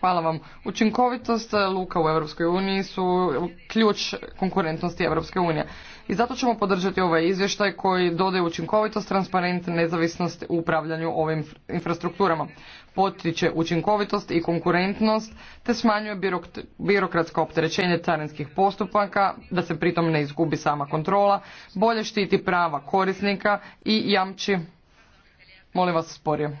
Hvala vam. Učinkovitost e, luka u Europskoj uniji su ključ konkurentnosti Europske unije. I zato ćemo podržati ovaj izvještaj koji dodaje učinkovitost, transparent, nezavisnost u upravljanju ovim infrastrukturama potiče učinkovitost i konkurentnost te smanjuje birokratsko opterećenje carinskih postupaka, da se pritom ne izgubi sama kontrola, bolje štiti prava korisnika i jamči. Molim vas sporije.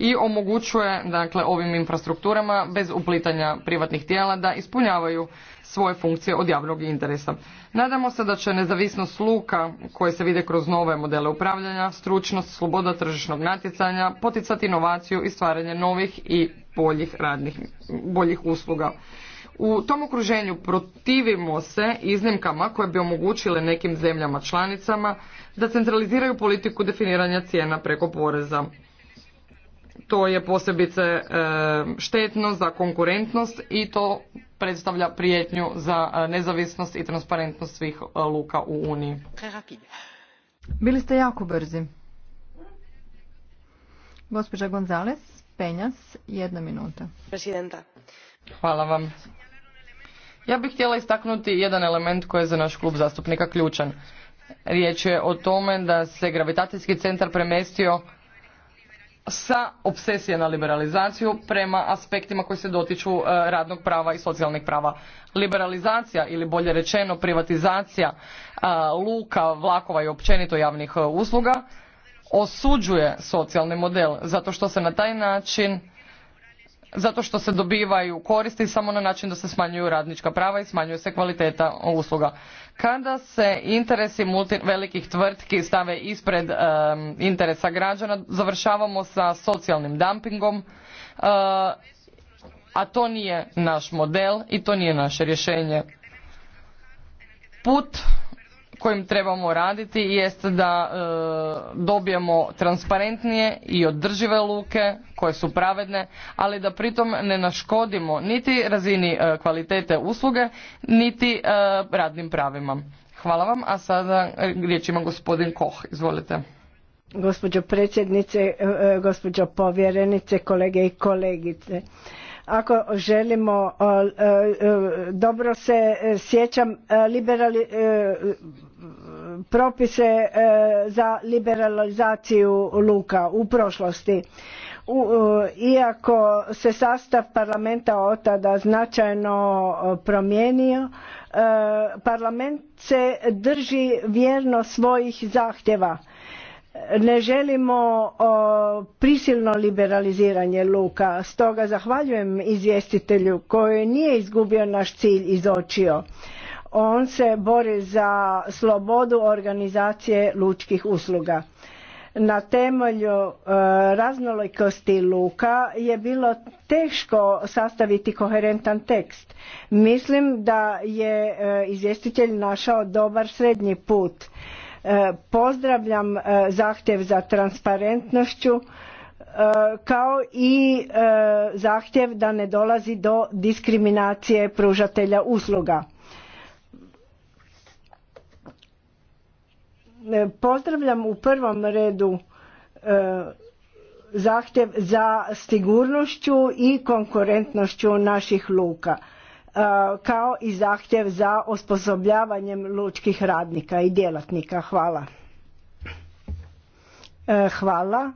i omogućuje dakle ovim infrastrukturama bez uplitanja privatnih tijela da ispunjavaju svoje funkcije od javnog interesa. Nadamo se da će nezavisnost luka koje se vide kroz nove modele upravljanja, stručnost, sloboda tržišnog natjecanja, poticati inovaciju i stvaranje novih i boljih radnih, boljih usluga. U tom okruženju protivimo se iznimkama koje bi omogućile nekim zemljama članicama da centraliziraju politiku definiranja cijena preko poreza. To je posebice e, štetno za konkurentnost i to predstavlja prijetnju za e, nezavisnost i transparentnost svih e, luka u Uniji.
Bili ste jako brzi. Gospođa Gonzales, Penjas, jedna minuta.
Hvala vam. Ja bih htjela istaknuti jedan element koji je za naš klub zastupnika ključan. Riječ je o tome da se gravitacijski centar premestio sa obsesije na liberalizaciju prema aspektima koji se dotiču e, radnog prava i socijalnih prava. Liberalizacija ili bolje rečeno privatizacija e, luka, vlakova i općenito javnih e, usluga osuđuje socijalni model zato što se na taj način zato što se dobivaju koristi samo na način da se smanjuju radnička prava i smanjuje se kvaliteta usluga. Kada se interesi velikih tvrtki stave ispred interesa građana, završavamo sa socijalnim dumpingom, eh, a to nije naš model i to nije naše rješenje. Put kojim trebamo raditi jest da e, dobijemo transparentnije i održive luke koje su pravedne, ali da pritom ne naškodimo niti razini e, kvalitete usluge, niti e, radnim pravima. Hvala vam, a sada riječ ima gospodin Koh. Izvolite.
Gospođo predsjednice, gospođo povjerenice, kolege i kolegice ako želimo dobro se sjećam liberali, propise e, za liberalizaciju luka u prošlosti. Iako se sastav parlamenta od tada značajno e, promijenio, e, parlament se drži vjerno svojih zahtjeva. Ne želimo prisilno liberaliziranje luka, stoga zahvaljujem izvjestitelju koji nije izgubio naš cilj iz on se bori za slobodu organizacije lučkih usluga. Na temelju e, raznolikosti luka je bilo teško sastaviti koherentan tekst. Mislim da je e, izvjestitelj našao dobar srednji put. E, pozdravljam zahtjev za transparentnošću kao i zahtjev da ne dolazi do diskriminacije pružatelja usluga E, pozdravljam u prvom redu e, zahtjev za sigurnošću i konkurentnošću naših luka e, kao i zahtjev za osposobljavanjem lučkih radnika i djelatnika. Hvala. Hvala.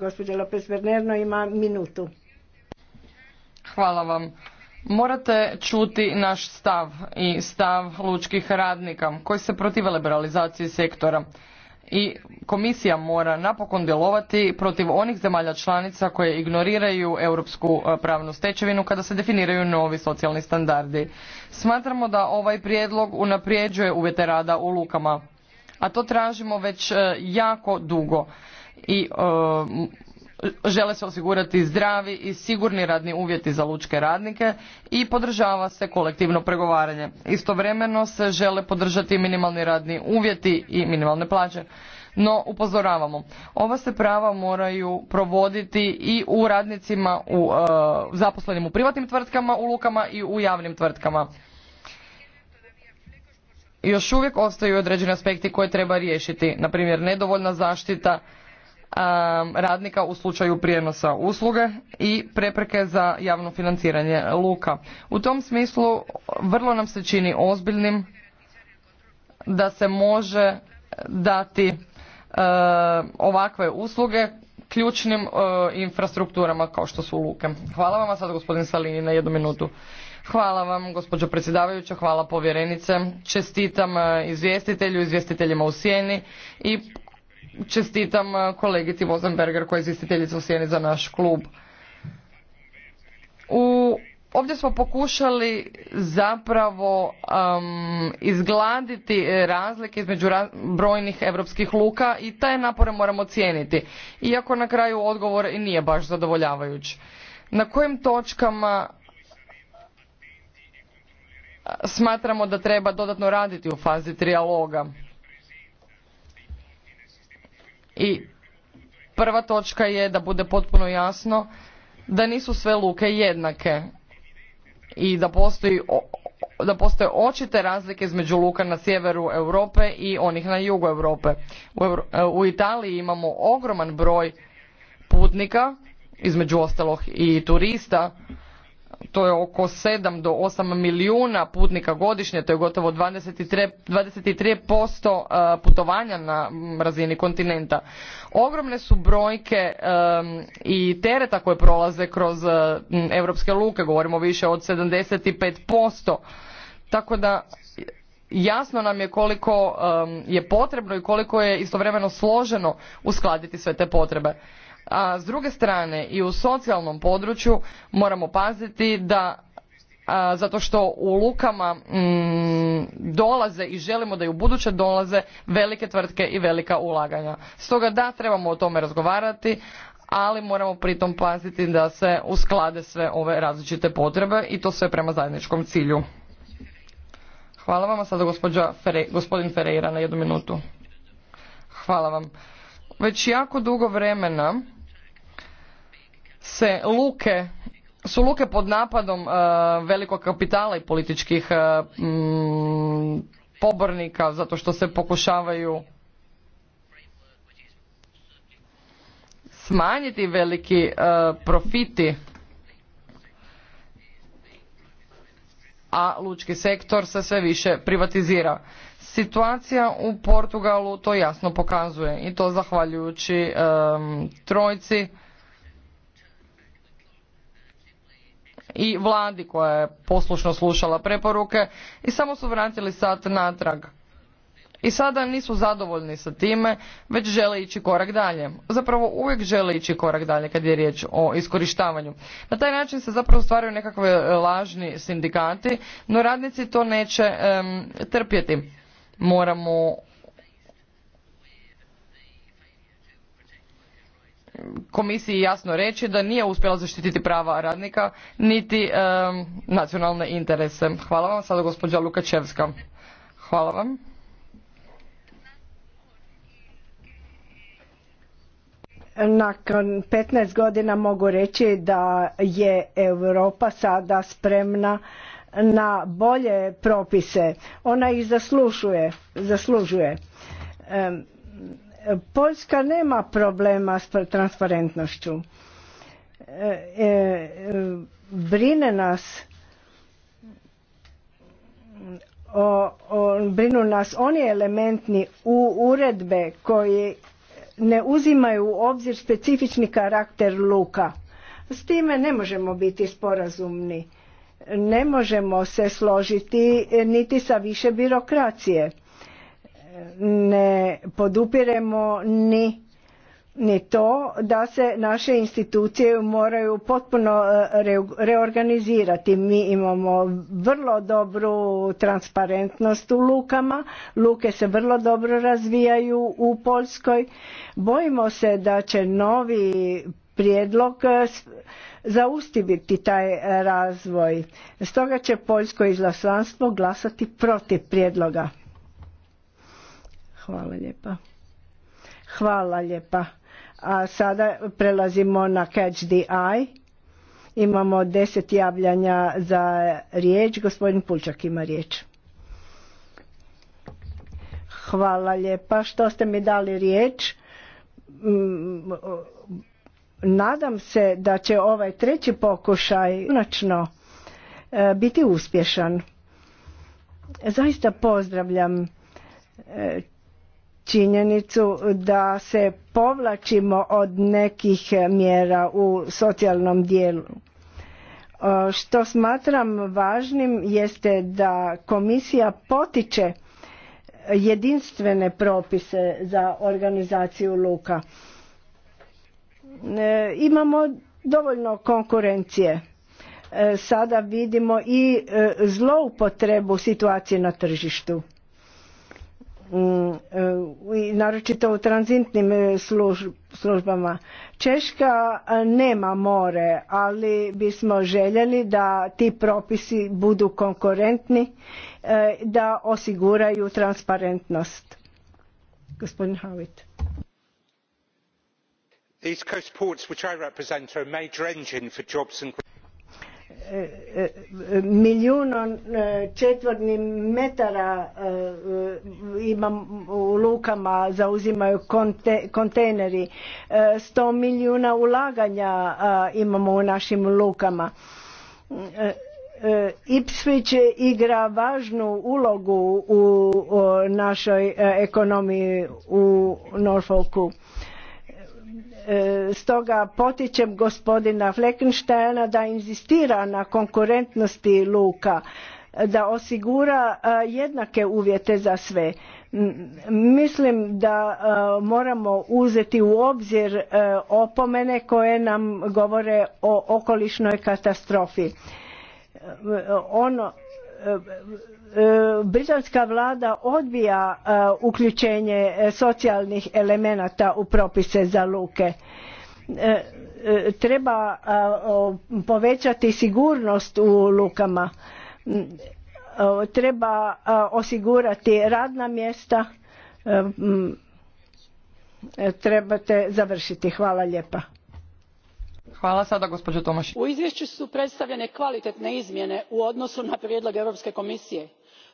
Gospođa Lopez Bernerno ima minutu.
Hvala vam. Morate čuti naš stav i stav lučkih radnika koji se protive liberalizaciji sektora. I komisija mora napokon djelovati protiv onih zemalja članica koje ignoriraju europsku e, pravnu stečevinu kada se definiraju novi socijalni standardi. Smatramo da ovaj prijedlog unaprijeđuje uvjete rada u lukama, a to tražimo već e, jako dugo i e, žele se osigurati zdravi i sigurni radni uvjeti za lučke radnike i podržava se kolektivno pregovaranje. Istovremeno se žele podržati minimalni radni uvjeti i minimalne plaće. No, upozoravamo, ova se prava moraju provoditi i u radnicima u, e, zaposlenim u privatnim tvrtkama, u lukama i u javnim tvrtkama. Još uvijek ostaju određeni aspekti koje treba riješiti, na primjer nedovoljna zaštita Um, radnika u slučaju prijenosa usluge i prepreke za javno financiranje luka. U tom smislu vrlo nam se čini ozbiljnim da se može dati uh, ovakve usluge ključnim uh, infrastrukturama kao što su luke. Hvala vam, a sad gospodin Salini na jednu minutu. Hvala vam, gospođo predsjedavajuća, hvala povjerenice. Čestitam uh, izvjestitelju, izvjestiteljima u sjeni i čestitam kolegici Vozenberger koja je izvjestiteljica u sjeni za naš klub. U, ovdje smo pokušali zapravo um, izgladiti razlike između brojnih europskih luka i taj napore moramo cijeniti. Iako na kraju odgovor i nije baš zadovoljavajuć. Na kojim točkama smatramo da treba dodatno raditi u fazi trijaloga? I prva točka je da bude potpuno jasno da nisu sve luke jednake i da, postoji, da postoje očite razlike između luka na sjeveru Europe i onih na jugu Europe. U, e, u Italiji imamo ogroman broj putnika, između ostalog i turista to je oko 7 do 8 milijuna putnika godišnje, to je gotovo 23%, posto e, putovanja na razini kontinenta. Ogromne su brojke e, i tereta koje prolaze kroz europske luke, govorimo više od 75%. Tako da jasno nam je koliko e, je potrebno i koliko je istovremeno složeno uskladiti sve te potrebe a s druge strane i u socijalnom području moramo paziti da zato što u lukama mm, dolaze i želimo da i u buduće dolaze velike tvrtke i velika ulaganja. Stoga da, trebamo o tome razgovarati, ali moramo pritom paziti da se usklade sve ove različite potrebe i to sve prema zajedničkom cilju. Hvala vam, a sada gospodin Ferreira na jednu minutu. Hvala vam. Već jako dugo vremena se luke, su luke pod napadom e, velikog kapitala i političkih e, pobornika zato što se pokušavaju smanjiti veliki e, profiti a lučki sektor se sve više privatizira Situacija u Portugalu to jasno pokazuje i to zahvaljujući trojci i vladi koja je poslušno slušala preporuke i samo su vratili sat natrag. I sada nisu zadovoljni sa time, već žele ići korak dalje. Zapravo uvijek žele ići korak dalje kad je riječ o iskorištavanju. Na taj način se zapravo stvaraju nekakve lažni sindikati, no radnici to neće trpjeti moramo komisiji jasno reći da nije uspjela zaštititi prava radnika niti nacionalne interese. Hvala vam. Sada gospođa Lukačevska.
Hvala vam. Nakon 15 godina mogu reći da je Europa sada spremna na bolje propise ona ih zaslušuje, zaslužuje Poljska nema problema s transparentnošću e, e, brine nas o, o, brinu nas oni elementni u uredbe koji ne uzimaju u obzir specifični karakter luka. S time ne možemo biti sporazumni. Ne možemo se složiti niti sa više birokracije. Ne podupiremo ni ni to da se naše institucije moraju potpuno e, reorganizirati. Mi imamo vrlo dobru transparentnost u lukama, luke se vrlo dobro razvijaju u Poljskoj. Bojimo se da će novi prijedlog e, zaustiviti taj razvoj. Stoga će poljsko izlaslanstvo glasati protiv prijedloga. Hvala lijepa. Hvala lijepa. A sada prelazimo na Catch the Eye. Imamo deset javljanja za riječ. Gospodin Pulčak ima riječ. Hvala lijepa što ste mi dali riječ mm, nadam se da će ovaj treći pokušaj konačno e, biti uspješan. Zaista pozdravljam e, činjenicu da se povlačimo od nekih mjera u socijalnom dijelu. E, što smatram važnim jeste da komisija potiče jedinstvene propise za organizaciju luka E, imamo dovoljno konkurencije. E, sada vidimo i e, zloupotrebu situacije na tržištu. Mm, naročito u tranzitnim službama. Češka nema more, ali bismo željeli da ti propisi budu konkurentni, da osiguraju transparentnost. Gospodin Havit
east coast ports which i represent are a major engine for jobs and
e, e, e, metara imam u lukama zauzimaju kontejneri. Sto milijuna ulaganja imamo u našim lukama. Ipswich igra važnu ulogu u našoj ekonomiji u Norfolku E, stoga potičem gospodina Fleckensteina da inzistira na konkurentnosti luka, da osigura e, jednake uvjete za sve. Mislim da e, moramo uzeti u obzir opomene koje nam govore o okolišnoj katastrofi. Ono E, britanska vlada odbija e, uključenje e, socijalnih elemenata u propise za luke treba povećati sigurnost u lukama mm, treba osigurati radna mjesta mm, trebate završiti hvala lijepa
Hvala sada, gospođo Tomašić.
U izvješću su predstavljene kvalitetne izmjene u odnosu na prijedlog Europske komisije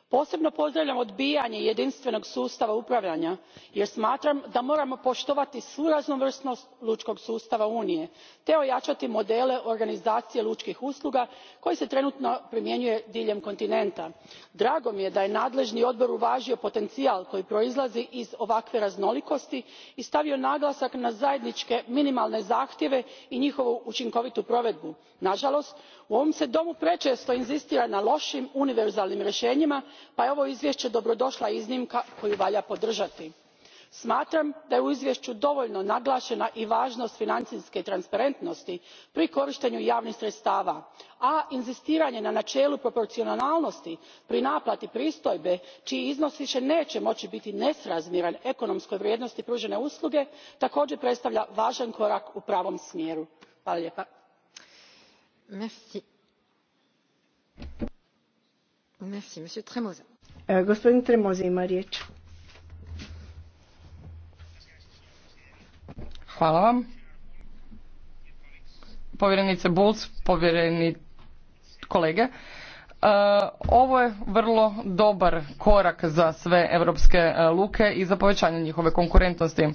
posebno pozdravljam odbijanje jedinstvenog sustava upravljanja jer smatram da moramo poštovati svu raznovrsnost lučkog sustava unije te ojačati modele organizacije lučkih usluga koji se trenutno primjenjuje diljem kontinenta. drago mi je da je nadležni odbor uvažio potencijal koji proizlazi iz ovakve raznolikosti i stavio naglasak na zajedničke minimalne zahtjeve i njihovu učinkovitu provedbu. nažalost u ovom se domu prečesto inzistira na lošim univerzalnim rješenjima pa je ovo izvješće dobrodošla iznimka koju valja podržati. smatram da je u izvješću dovoljno naglašena i važnost financijske transparentnosti pri korištenju javnih sredstava a inzistiranje na načelu proporcionalnosti pri naplati pristojbe čiji iznos više neće moći biti nesrazmjeran ekonomskoj vrijednosti pružene usluge također predstavlja važan korak u pravom smjeru. hvala
E, gospodin riječ.
Hvala vam. Povjerenice Bulc, povjereni kolege. E, ovo je vrlo dobar korak za sve europske e, luke i za povećanje njihove konkurentnosti.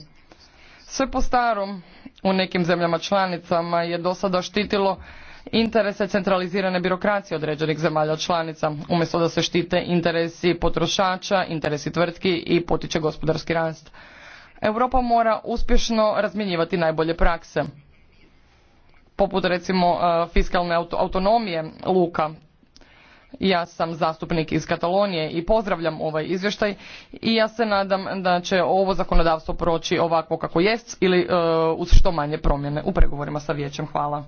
Sve po starom u nekim zemljama članicama je do sada štitilo interese centralizirane birokracije određenih zemalja članica, umjesto da se štite interesi potrošača, interesi tvrtki i potiče gospodarski rast. Europa mora uspješno razmjenjivati najbolje prakse, poput recimo e, fiskalne autonomije luka. Ja sam zastupnik iz Katalonije i pozdravljam ovaj izvještaj i ja se nadam da će ovo zakonodavstvo proći ovako kako jest ili e, uz što manje promjene u pregovorima sa vijećem. Hvala.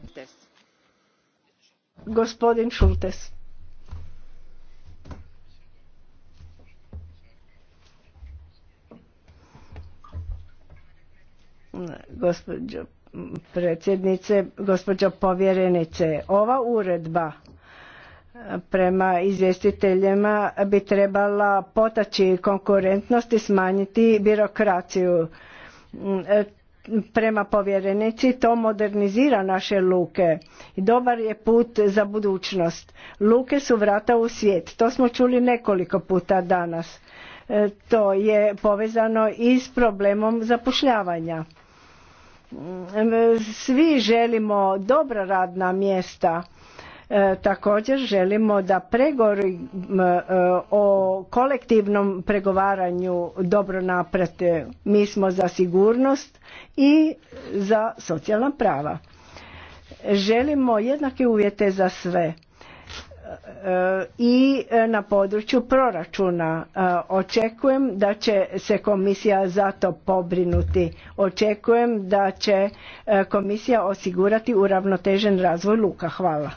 Gospodin Šultes. predsjednice, gospođo povjerenice, ova uredba eh, prema izvjestiteljima bi trebala potaći konkurentnost i smanjiti birokraciju mm, eh, prema povjerenici to modernizira naše luke i dobar je put za budućnost. Luke su vrata u svijet, to smo čuli nekoliko puta danas. E, to je povezano i s problemom zapošljavanja. Mm, svi želimo dobra radna mjesta E, također želimo da pregovori e, o kolektivnom pregovaranju dobro naprate. Mi smo za sigurnost i za socijalna prava. Želimo jednake uvjete za sve e, i na području proračuna. Očekujem da će se komisija za to pobrinuti. Očekujem da će komisija osigurati uravnotežen razvoj luka. Hvala.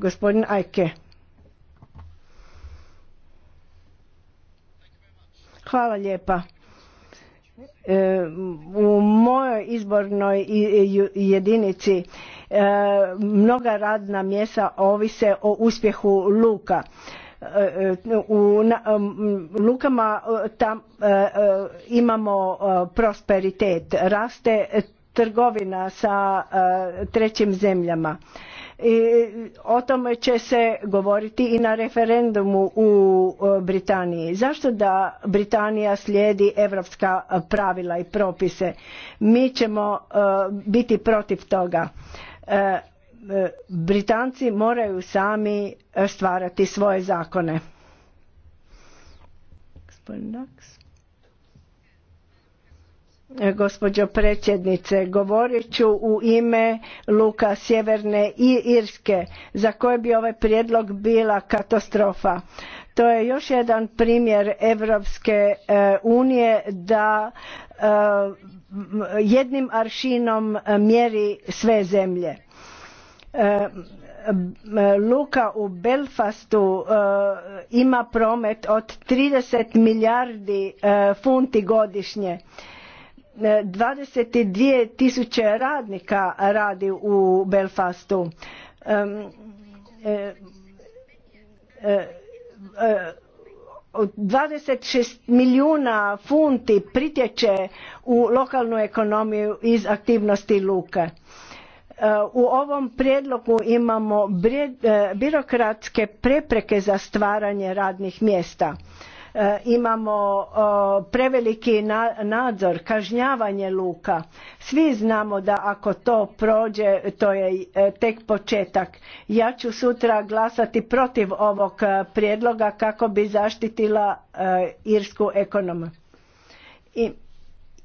Gospodin Ajke. Hvala lijepa. E, u mojoj izbornoj jedinici e, mnoga radna mjesta ovise o uspjehu luka. E, u lukama tam imamo prosperitet, raste trgovina sa trećim zemljama i o tome će se govoriti i na referendumu u e, Britaniji. Zašto da Britanija slijedi evropska pravila i propise? Mi ćemo e, biti protiv toga. E, Britanci moraju sami stvarati svoje zakone. Gospodin E, gospođo predsjednice govorit ću u ime luka sjeverne i irske za koje bi ovaj prijedlog bila katastrofa to je još jedan primjer europske e, unije da e, jednim aršinom mjeri sve zemlje luka u Belfastu ima promet od 30 milijardi funti godišnje 22 tisuće radnika radi u Belfastu. E, e, e, dvadeset šest milijuna funti pritječe u lokalnu ekonomiju iz aktivnosti luke U ovom prijedlogu imamo birokratske prepreke za stvaranje radnih mjesta. Eh, imamo preveliki nadzor, kažnjavanje luka. Svi znamo da ako to prođe, to je eh, tek početak. Ja ću sutra glasati protiv ovog eh, prijedloga kako bi zaštitila irsku ekonomu. I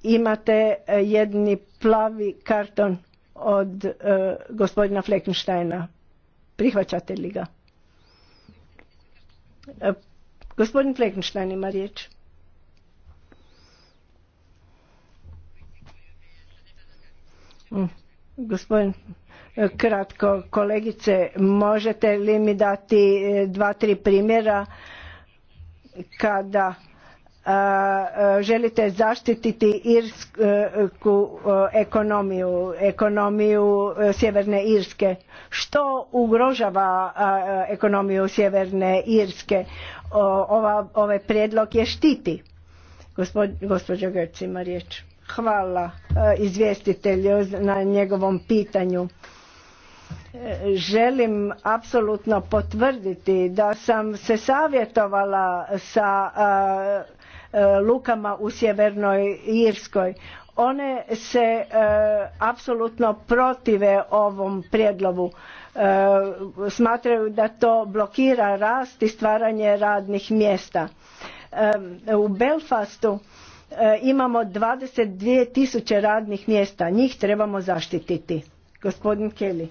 imate jedni plavi karton od gospodina Fleckensteina. Prihvaćate li ga? Gospodin Fleckenstein ima riječ. Mm, gospodin, e, kratko, kolegice, možete li mi dati e, dva, tri primjera kada želite zaštititi irsku e, ekonomiju, ekonomiju Sjeverne Irske. Što ugrožava ekonomiju Sjeverne Irske? ova, ovaj prijedlog je štiti. gospođo Grcima ima riječ. Hvala e, izvjestitelju na njegovom pitanju. E, želim apsolutno potvrditi da sam se savjetovala sa e, lukama u Sjevernoj Irskoj. One se apsolutno protive ovom prijedlogu E, smatraju da to blokira rast i stvaranje radnih mjesta. E, u Belfastu e, imamo 22 tisuće radnih mjesta, njih trebamo zaštititi. Gospodin Kelly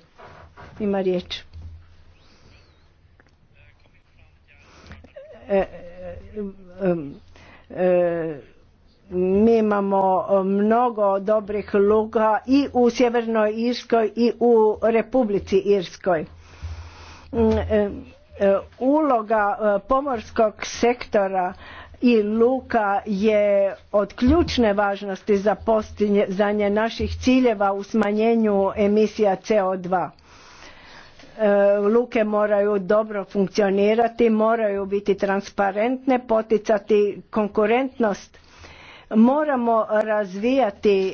ima riječ. e, e, mi imamo e, mnogo dobrih luka i u Sjevernoj Irskoj i u Republici Irskoj. Mm, e, e, uloga pomorskog sektora i luka je od ključne važnosti za postizanje naših ciljeva u smanjenju emisija CO2 luke moraju dobro funkcionirati, moraju biti transparentne, poticati konkurentnost moramo razvijati e,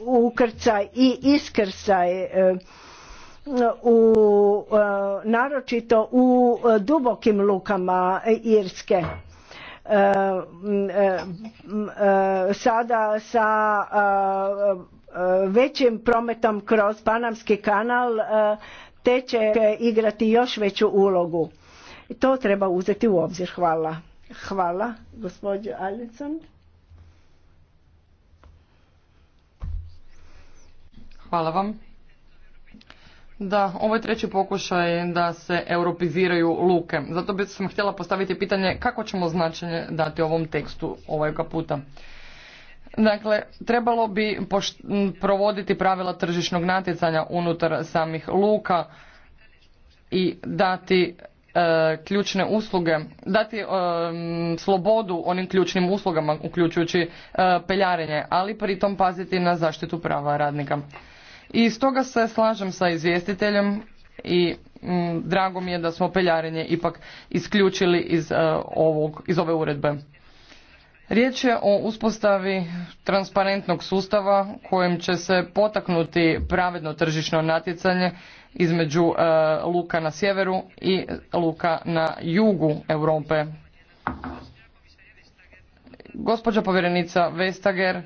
ukrcaj i iskrcaj e, u e, naročito u dubokim lukama irske sada sa većim prometom kroz panamski kanal te će igrati još veću ulogu to treba uzeti u obzir hvala hvala gospođo Alicon
Hvala vam. Da, ovo je treći pokušaj da se europiziraju luke. Zato bi sam htjela postaviti pitanje kako ćemo značenje dati ovom tekstu ovoga puta. Dakle, trebalo bi provoditi pravila tržišnog natjecanja unutar samih luka i dati e, ključne usluge, dati e, slobodu onim ključnim uslugama uključujući e, peljarenje, ali pritom paziti na zaštitu prava radnika. I stoga se slažem sa izvjestiteljem i mm, drago mi je da smo peljarenje ipak isključili iz, e, ovog, iz ove uredbe. Riječ je o uspostavi transparentnog sustava kojem će se potaknuti pravedno tržišno natjecanje između e, luka na sjeveru i luka na jugu Europe. Gospođa povjerenica Vestager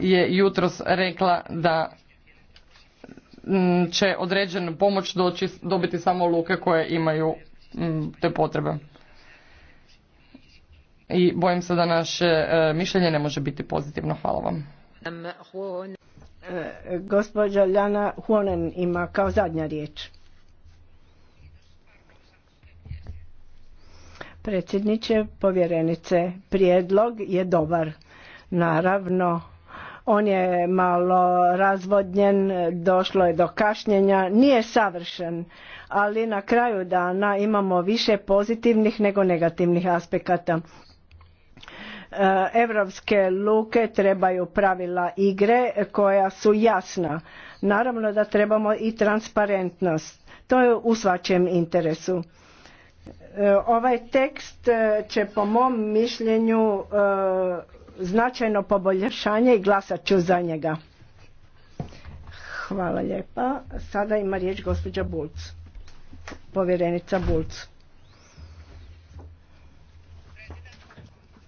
je jutros rekla da Mm, će određen pomoć doći, dobiti samo luke koje imaju mm, te potrebe. I bojim se da naše e, mišljenje ne može biti pozitivno. Hvala vam.
E, gospođa Ljana Huonen ima kao zadnja riječ. Predsjedniče, povjerenice, prijedlog je dobar. Naravno, on je malo razvodnjen, došlo je do kašnjenja, nije savršen, ali na kraju dana imamo više pozitivnih nego negativnih aspekata. Europske luke trebaju pravila igre koja su jasna. Naravno da trebamo i transparentnost. To je u svačem interesu. E, ovaj tekst e, će po mom mišljenju e, značajno poboljšanje i glasat ću za njega. Hvala lijepa. Sada ima riječ gospođa Bulc, povjerenica Bulc.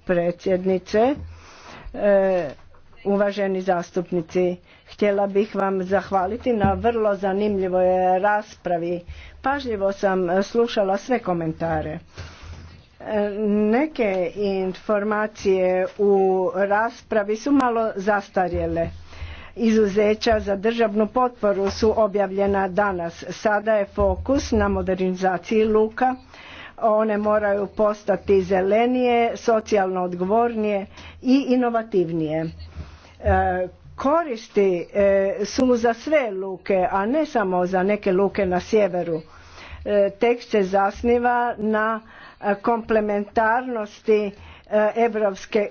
Predsjednice, e, uvaženi zastupnici, htjela bih vam zahvaliti na vrlo zanimljivoj raspravi. Pažljivo sam slušala sve komentare. Neke informacije u raspravi su malo zastarjele. Izuzeća za državnu potporu su objavljena danas. Sada je fokus na modernizaciji luka. One moraju postati zelenije, socijalno odgovornije i inovativnije. E, koristi e, su za sve luke, a ne samo za neke luke na sjeveru E, tekst se zasniva na e, komplementarnosti e, Evropske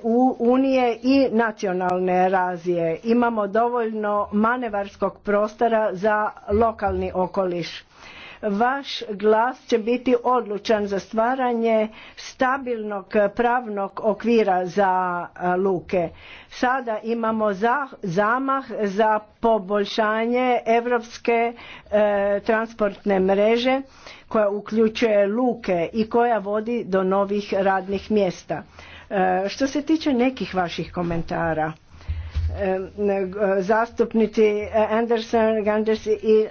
unije i nacionalne razije. Imamo dovoljno manevarskog prostora za lokalni okoliš Vaš glas će biti odlučan za stvaranje stabilnog pravnog okvira za luke. Sada imamo zamah za poboljšanje europske e, transportne mreže koja uključuje luke i koja vodi do novih radnih mjesta. E, što se tiče nekih vaših komentara, e, zastupnici Anderson, Gandersi i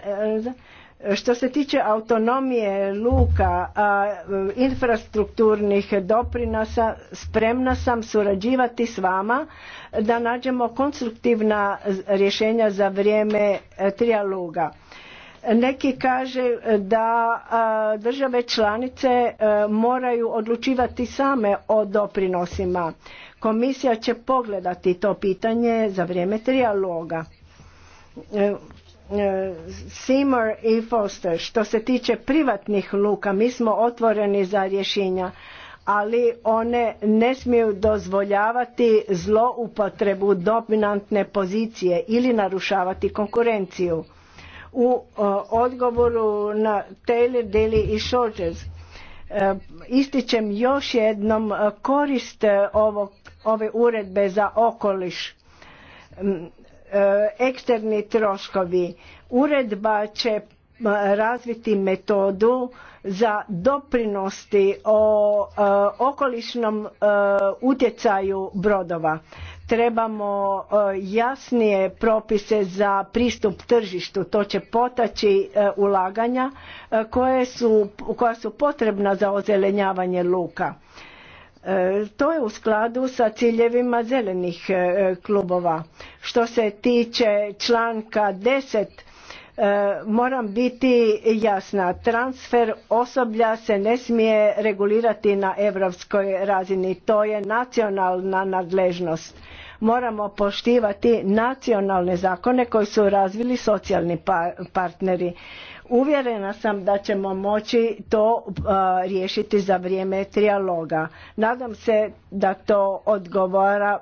što se tiče autonomije luka, infrastrukturnih doprinosa, spremna sam surađivati s vama da nađemo konstruktivna rješenja za vrijeme e, trijaloga. Neki kaže da države članice e, moraju odlučivati same o doprinosima. Komisija će pogledati to pitanje za vrijeme trijaloga e, E, Seymour i Foster. Što se tiče privatnih luka, mi smo otvoreni za rješenja, ali one ne smiju dozvoljavati zloupotrebu dominantne pozicije ili narušavati konkurenciju. U e, odgovoru na Taylor, Daly i Shorges e, ističem još jednom korist ove uredbe za okoliš E, eksterni troškovi. Uredba će e, razviti metodu za doprinosti o e, okolišnom utjecaju brodova. Trebamo jasnije propise za pristup tržištu, to će potaći ulaganja koja su potrebna za ozelenjavanje luka E, to je u skladu sa ciljevima zelenih e, klubova. Što se tiče članka 10 e, moram biti jasna. Transfer osoblja se ne smije regulirati na europskoj razini. To je nacionalna nadležnost. Moramo poštivati nacionalne zakone koji su razvili socijalni pa-, partneri Uvjerena sam da ćemo moći to uh, riješiti za vrijeme trijaloga. Nadam se da to odgovara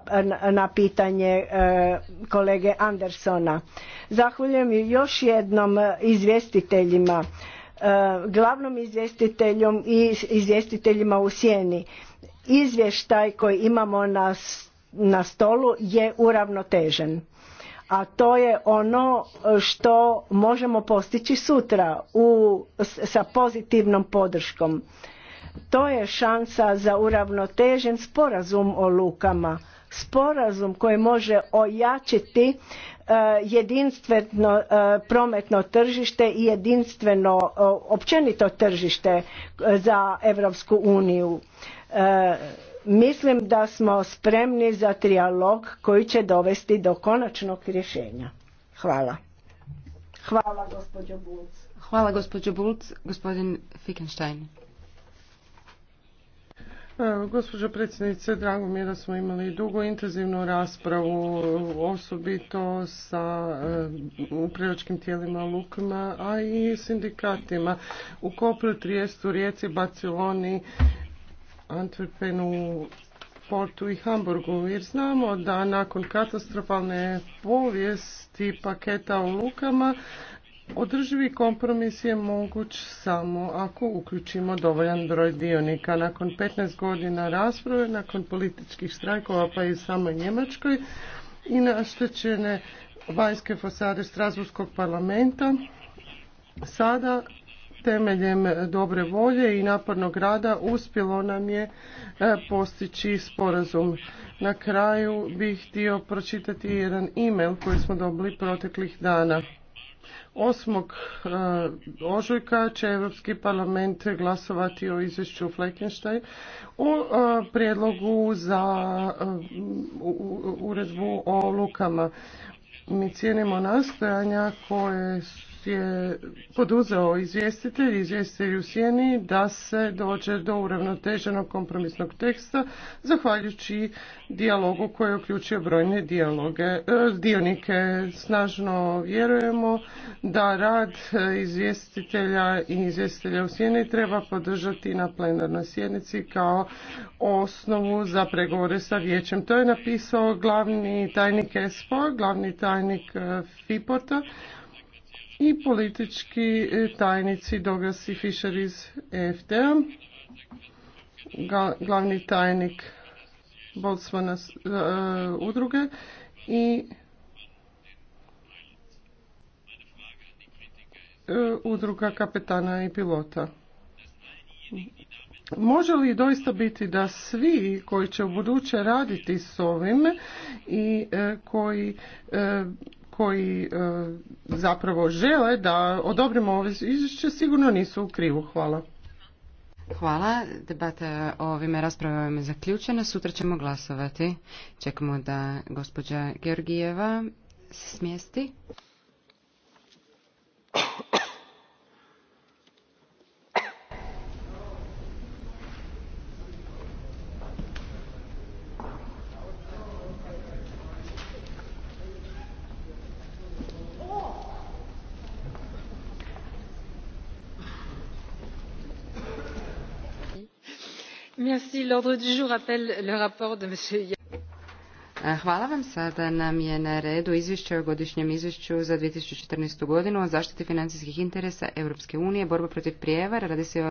na pitanje uh, kolege Andersona. Zahvaljujem još jednom izvjestiteljima, uh, glavnom izvjestiteljom i izvjestiteljima u sjeni. Izvještaj koji imamo na stolu je uravnotežen a to je ono e, što možemo postići sutra u, sa pozitivnom podrškom. To je šansa za uravnotežen sporazum o lukama, sporazum koji može ojačiti e, jedinstveno e, prometno tržište i jedinstveno općenito tržište za Europsku uniju. Mislim da smo spremni za trijalog koji će dovesti do konačnog rješenja. Hvala. Hvala gospođo Bulc. Hvala gospođo Bulc.
Gospodin Fickenstein. E, gospođo predsjednice, drago mi je da smo imali dugu intenzivnu raspravu, osobito sa e, upravljačkim tijelima Lukama, a i sindikatima u Kopru, Trijestu, Rijeci, Barceloni, Antwerpenu, Portu i Hamburgu, jer znamo da nakon katastrofalne povijesti paketa u lukama, Održivi kompromis je moguć samo ako uključimo dovoljan broj dionika. Nakon 15 godina rasprave, nakon političkih strajkova pa i samo Njemačkoj i naštećene vanjske fasade Strasburskog parlamenta, sada temeljem dobre volje i napornog rada uspjelo nam je e, postići sporazum. Na kraju bih htio pročitati jedan e-mail koji smo dobili proteklih dana. 8. E, ožujka će Europski parlament glasovati o izvješću Fleckenstein o e, prijedlogu za uredbu o lukama. Mi cijenimo nastojanja koje su je poduzeo izvjestitelj, izvjestitelj u sjeni da se dođe do uravnoteženog kompromisnog teksta zahvaljujući dijalogu koji je uključio brojne dijaloge, e, dionike. Snažno vjerujemo da rad izvjestitelja i izvjestitelja u sjeni treba podržati na plenarnoj sjednici kao osnovu za pregovore sa vijećem. To je napisao glavni tajnik ESPO, glavni tajnik e, FIPOTA i politički e, tajnici dogasi i Fisher iz efd a glavni tajnik Boltzmana e, udruge i e, udruga kapetana i pilota. Može li doista biti da svi koji će u buduće raditi s ovim i koji koji e, zapravo žele da odobrimo ove izvješće sigurno nisu u krivu. Hvala. Hvala. Debata o ovim raspravama je zaključena.
Sutra ćemo glasovati. Čekamo da gospođa Georgijeva se smijesti. Eh, hvala vam. Sada nam je na redu izvješće o godišnjem izvješću za 2014. godinu o zaštiti financijskih interesa Europske unije, borba protiv prijevara, radi se o